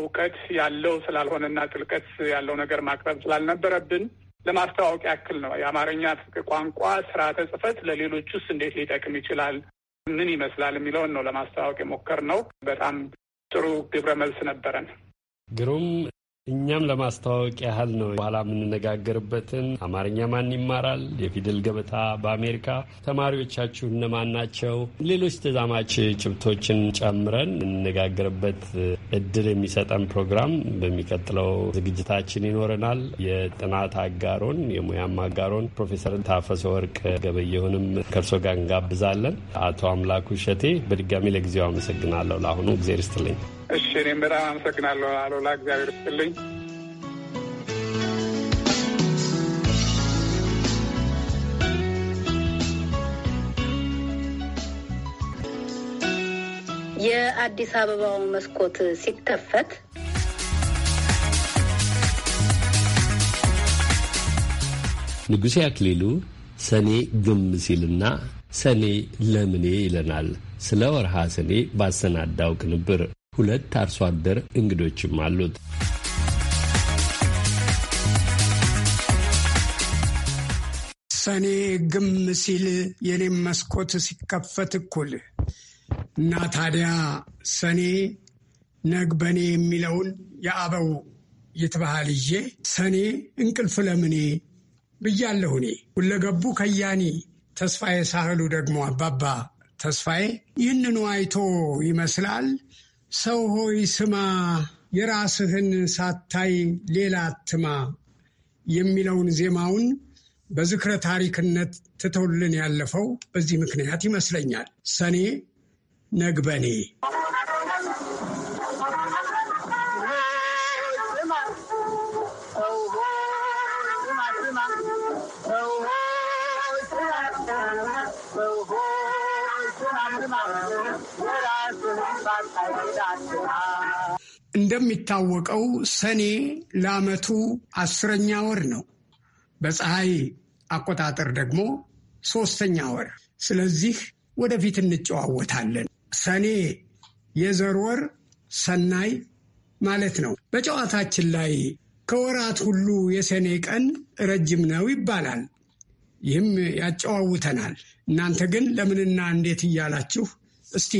እውቀት ያለው ስላልሆነና ጥልቀት ያለው ነገር ማቅረብ ስላልነበረብን ለማስተዋወቅ ያክል ነው። የአማርኛ ቋንቋ ስርዓተ ጽፈት ለሌሎች ውስጥ እንዴት ሊጠቅም ይችላል፣ ምን ይመስላል የሚለውን ነው ለማስተዋወቅ ነው። በጣም ጥሩ ግብረ መልስ ነበረን። ግሩም እኛም ለማስተዋወቅ ያህል ነው። በኋላ የምንነጋገርበትን አማርኛ ማን ይማራል፣ የፊደል ገበታ በአሜሪካ ተማሪዎቻችሁ እነማን ናቸው፣ ሌሎች ተዛማች ጭብቶችን ጨምረን የምንነጋገርበት እድል የሚሰጠን ፕሮግራም በሚቀጥለው ዝግጅታችን ይኖረናል። የጥናት አጋሮን የሙያም አጋሮን ፕሮፌሰር ታፈሰ ወርቅ ገበየሁንም ከእርሶ ጋር እንጋብዛለን። አቶ አምላኩ እሸቴ በድጋሚ ለጊዜው አመሰግናለሁ። ለአሁኑ እግዜር ይስጥልኝ። እሺ፣ እኔም በጣም አመሰግናለሁ አሉላ። እግዚአብሔር ይስጥልኝ። የአዲስ አበባው መስኮት ሲከፈት ንጉሴ አክሊሉ ሰኔ ግም ሲልና ሰኔ ለምኔ ይለናል ስለ ወርሃ ሰኔ ባሰናዳው ቅንብር ሁለት አርሶ አደር እንግዶችም አሉት። ሰኔ ግም ሲል የኔም መስኮት ሲከፈት እኩል እና ታዲያ ሰኔ ነግ በኔ የሚለውን የአበው ይትባሃል ይዤ ሰኔ እንቅልፍ ለምኔ ብያለሁ እኔ ሁለገቡ ከያኒ ተስፋዬ ሳህሉ ደግሞ አባባ ተስፋዬ ይህንኑ አይቶ ይመስላል ሰው ሆይ ስማ፣ የራስህን ሳታይ ሌላ አትማ የሚለውን ዜማውን በዝክረ ታሪክነት ትተውልን ያለፈው በዚህ ምክንያት ይመስለኛል። ሰኔ ነግበኔ እንደሚታወቀው ሰኔ ለዓመቱ አስረኛ ወር ነው። በፀሐይ አቆጣጠር ደግሞ ሶስተኛ ወር። ስለዚህ ወደፊት እንጨዋወታለን። ሰኔ የዘር ወር ሰናይ ማለት ነው። በጨዋታችን ላይ ከወራት ሁሉ የሰኔ ቀን ረጅም ነው ይባላል። ይህም ያጨዋውተናል። እናንተ ግን ለምንና እንዴት እያላችሁ እስቲ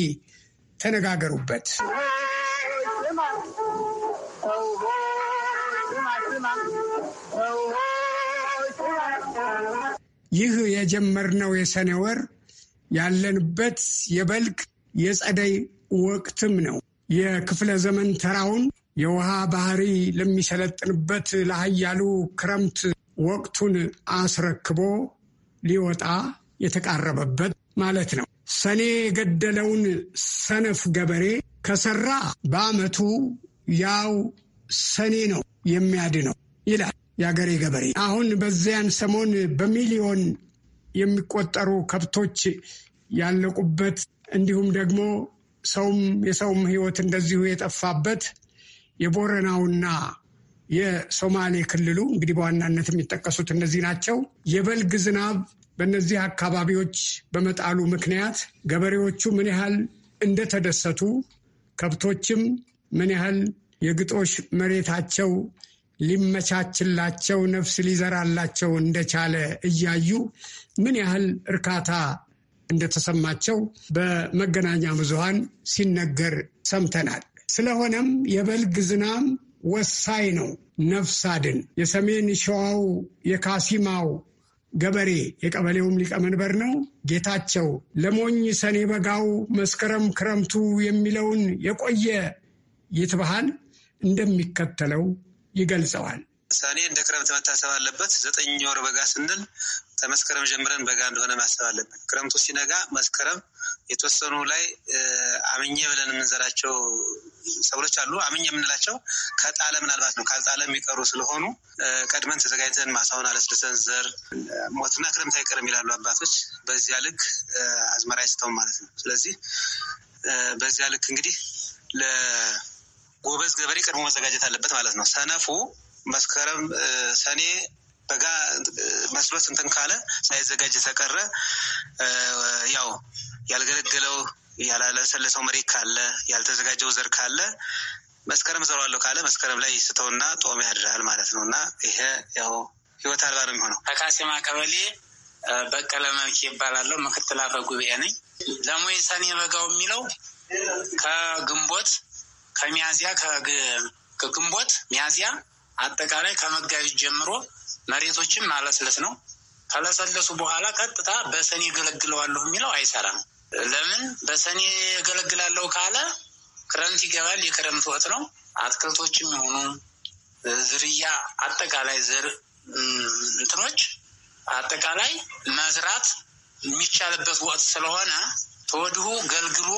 ተነጋገሩበት። ይህ የጀመርነው የሰኔ ወር ያለንበት የበልግ የጸደይ ወቅትም ነው። የክፍለ ዘመን ተራውን የውሃ ባህሪ ለሚሰለጥንበት ለሀያሉ ክረምት ወቅቱን አስረክቦ ሊወጣ የተቃረበበት ማለት ነው። ሰኔ የገደለውን ሰነፍ ገበሬ ከሰራ በዓመቱ ያው ሰኔ ነው የሚያድነው ይላል የአገሬ ገበሬ። አሁን በዚያን ሰሞን በሚሊዮን የሚቆጠሩ ከብቶች ያለቁበት እንዲሁም ደግሞ ሰውም የሰውም ሕይወት እንደዚሁ የጠፋበት የቦረናውና የሶማሌ ክልሉ እንግዲህ በዋናነት የሚጠቀሱት እነዚህ ናቸው። የበልግ ዝናብ በእነዚህ አካባቢዎች በመጣሉ ምክንያት ገበሬዎቹ ምን ያህል እንደተደሰቱ ከብቶችም ምን ያህል የግጦሽ መሬታቸው ሊመቻችላቸው ነፍስ ሊዘራላቸው እንደቻለ እያዩ ምን ያህል እርካታ እንደተሰማቸው በመገናኛ ብዙሃን ሲነገር ሰምተናል። ስለሆነም የበልግ ዝናም ወሳኝ ነው፣ ነፍስ አድን። የሰሜን ሸዋው የካሲማው ገበሬ የቀበሌውም ሊቀመንበር ነው ጌታቸው ለሞኝ ሰኔ በጋው መስከረም ክረምቱ የሚለውን የቆየ ይትባሃል እንደሚከተለው ይገልጸዋል። ሰኔ እንደ ክረምት መታሰብ አለበት። ዘጠኝ ወር በጋ ስንል ከመስከረም ጀምረን በጋ እንደሆነ ማሰብ አለብን። ክረምቱ ሲነጋ መስከረም የተወሰኑ ላይ አምኜ ብለን የምንዘራቸው ሰብሎች አሉ። አምኜ የምንላቸው ከጣለ ምናልባት ነው። ካልጣለ የሚቀሩ ስለሆኑ ቀድመን ተዘጋጅተን ማሳውን አለስልሰን ዘር ሞትና ክረምት አይቀርም ይላሉ አባቶች። በዚያ ልክ አዝመራ አይስተውም ማለት ነው። ስለዚህ በዚያ ልክ እንግዲህ ጎበዝ ገበሬ ቀድሞ መዘጋጀት አለበት ማለት ነው። ሰነፉ መስከረም፣ ሰኔ በጋ መስሎት እንትን ካለ ሳይዘጋጅ ተቀረ ያው ያልገለገለው ያላለሰለሰው መሬት ካለ ያልተዘጋጀው ዘር ካለ መስከረም ዘሯለሁ ካለ መስከረም ላይ ስተውና ጦም ያድራል ማለት ነው። እና ይሄ ያው ህይወት አልባ ነው የሚሆነው። ከካሴማ ቀበሌ በቀለ መልክ ይባላለሁ። ምክትል አፈ ጉባኤ ነኝ። ለሙይ ሰኔ በጋው የሚለው ከግንቦት ከሚያዚያ ከግንቦት ሚያዚያ አጠቃላይ ከመጋቢት ጀምሮ መሬቶችን ማለስለስ ነው። ከለሰለሱ በኋላ ቀጥታ በሰኔ ገለግለዋለሁ የሚለው አይሰራም። ለምን በሰኔ ገለግላለሁ ካለ ክረምት ይገባል። የክረምት ወጥ ነው። አትክልቶችም የሆኑ ዝርያ አጠቃላይ ዘር እንትኖች አጠቃላይ መዝራት የሚቻልበት ወቅት ስለሆነ ተወድሁ ገልግሎ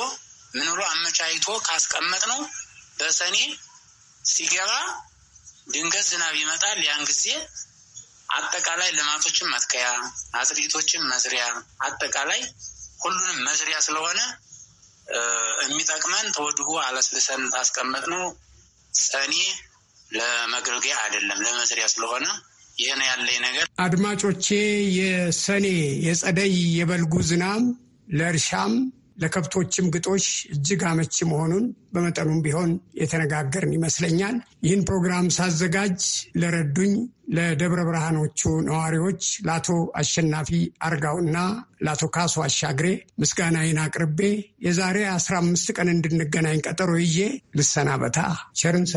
ምንሎ አመቻይቶ ካስቀመጥ ነው በሰኔ ሲገባ ድንገት ዝናብ ይመጣል። ያን ጊዜ አጠቃላይ ልማቶችን መትከያ፣ አትክልቶችን መዝሪያ፣ አጠቃላይ ሁሉንም መዝሪያ ስለሆነ የሚጠቅመን ተወድቦ አለስልሰን ታስቀመጥ ነው። ሰኔ ለመገልገያ አይደለም ለመዝሪያ ስለሆነ ይህ ያለኝ ነገር። አድማጮቼ የሰኔ የጸደይ የበልጉ ዝናብ ለእርሻም ለከብቶችም ግጦሽ እጅግ አመቺ መሆኑን በመጠኑም ቢሆን የተነጋገርን ይመስለኛል። ይህን ፕሮግራም ሳዘጋጅ ለረዱኝ ለደብረ ብርሃኖቹ ነዋሪዎች ለአቶ አሸናፊ አርጋውና ለአቶ ካሱ አሻግሬ ምስጋናዬን አቅርቤ የዛሬ አስራ አምስት ቀን እንድንገናኝ ቀጠሮ ይዤ ልሰናበታ ቸርን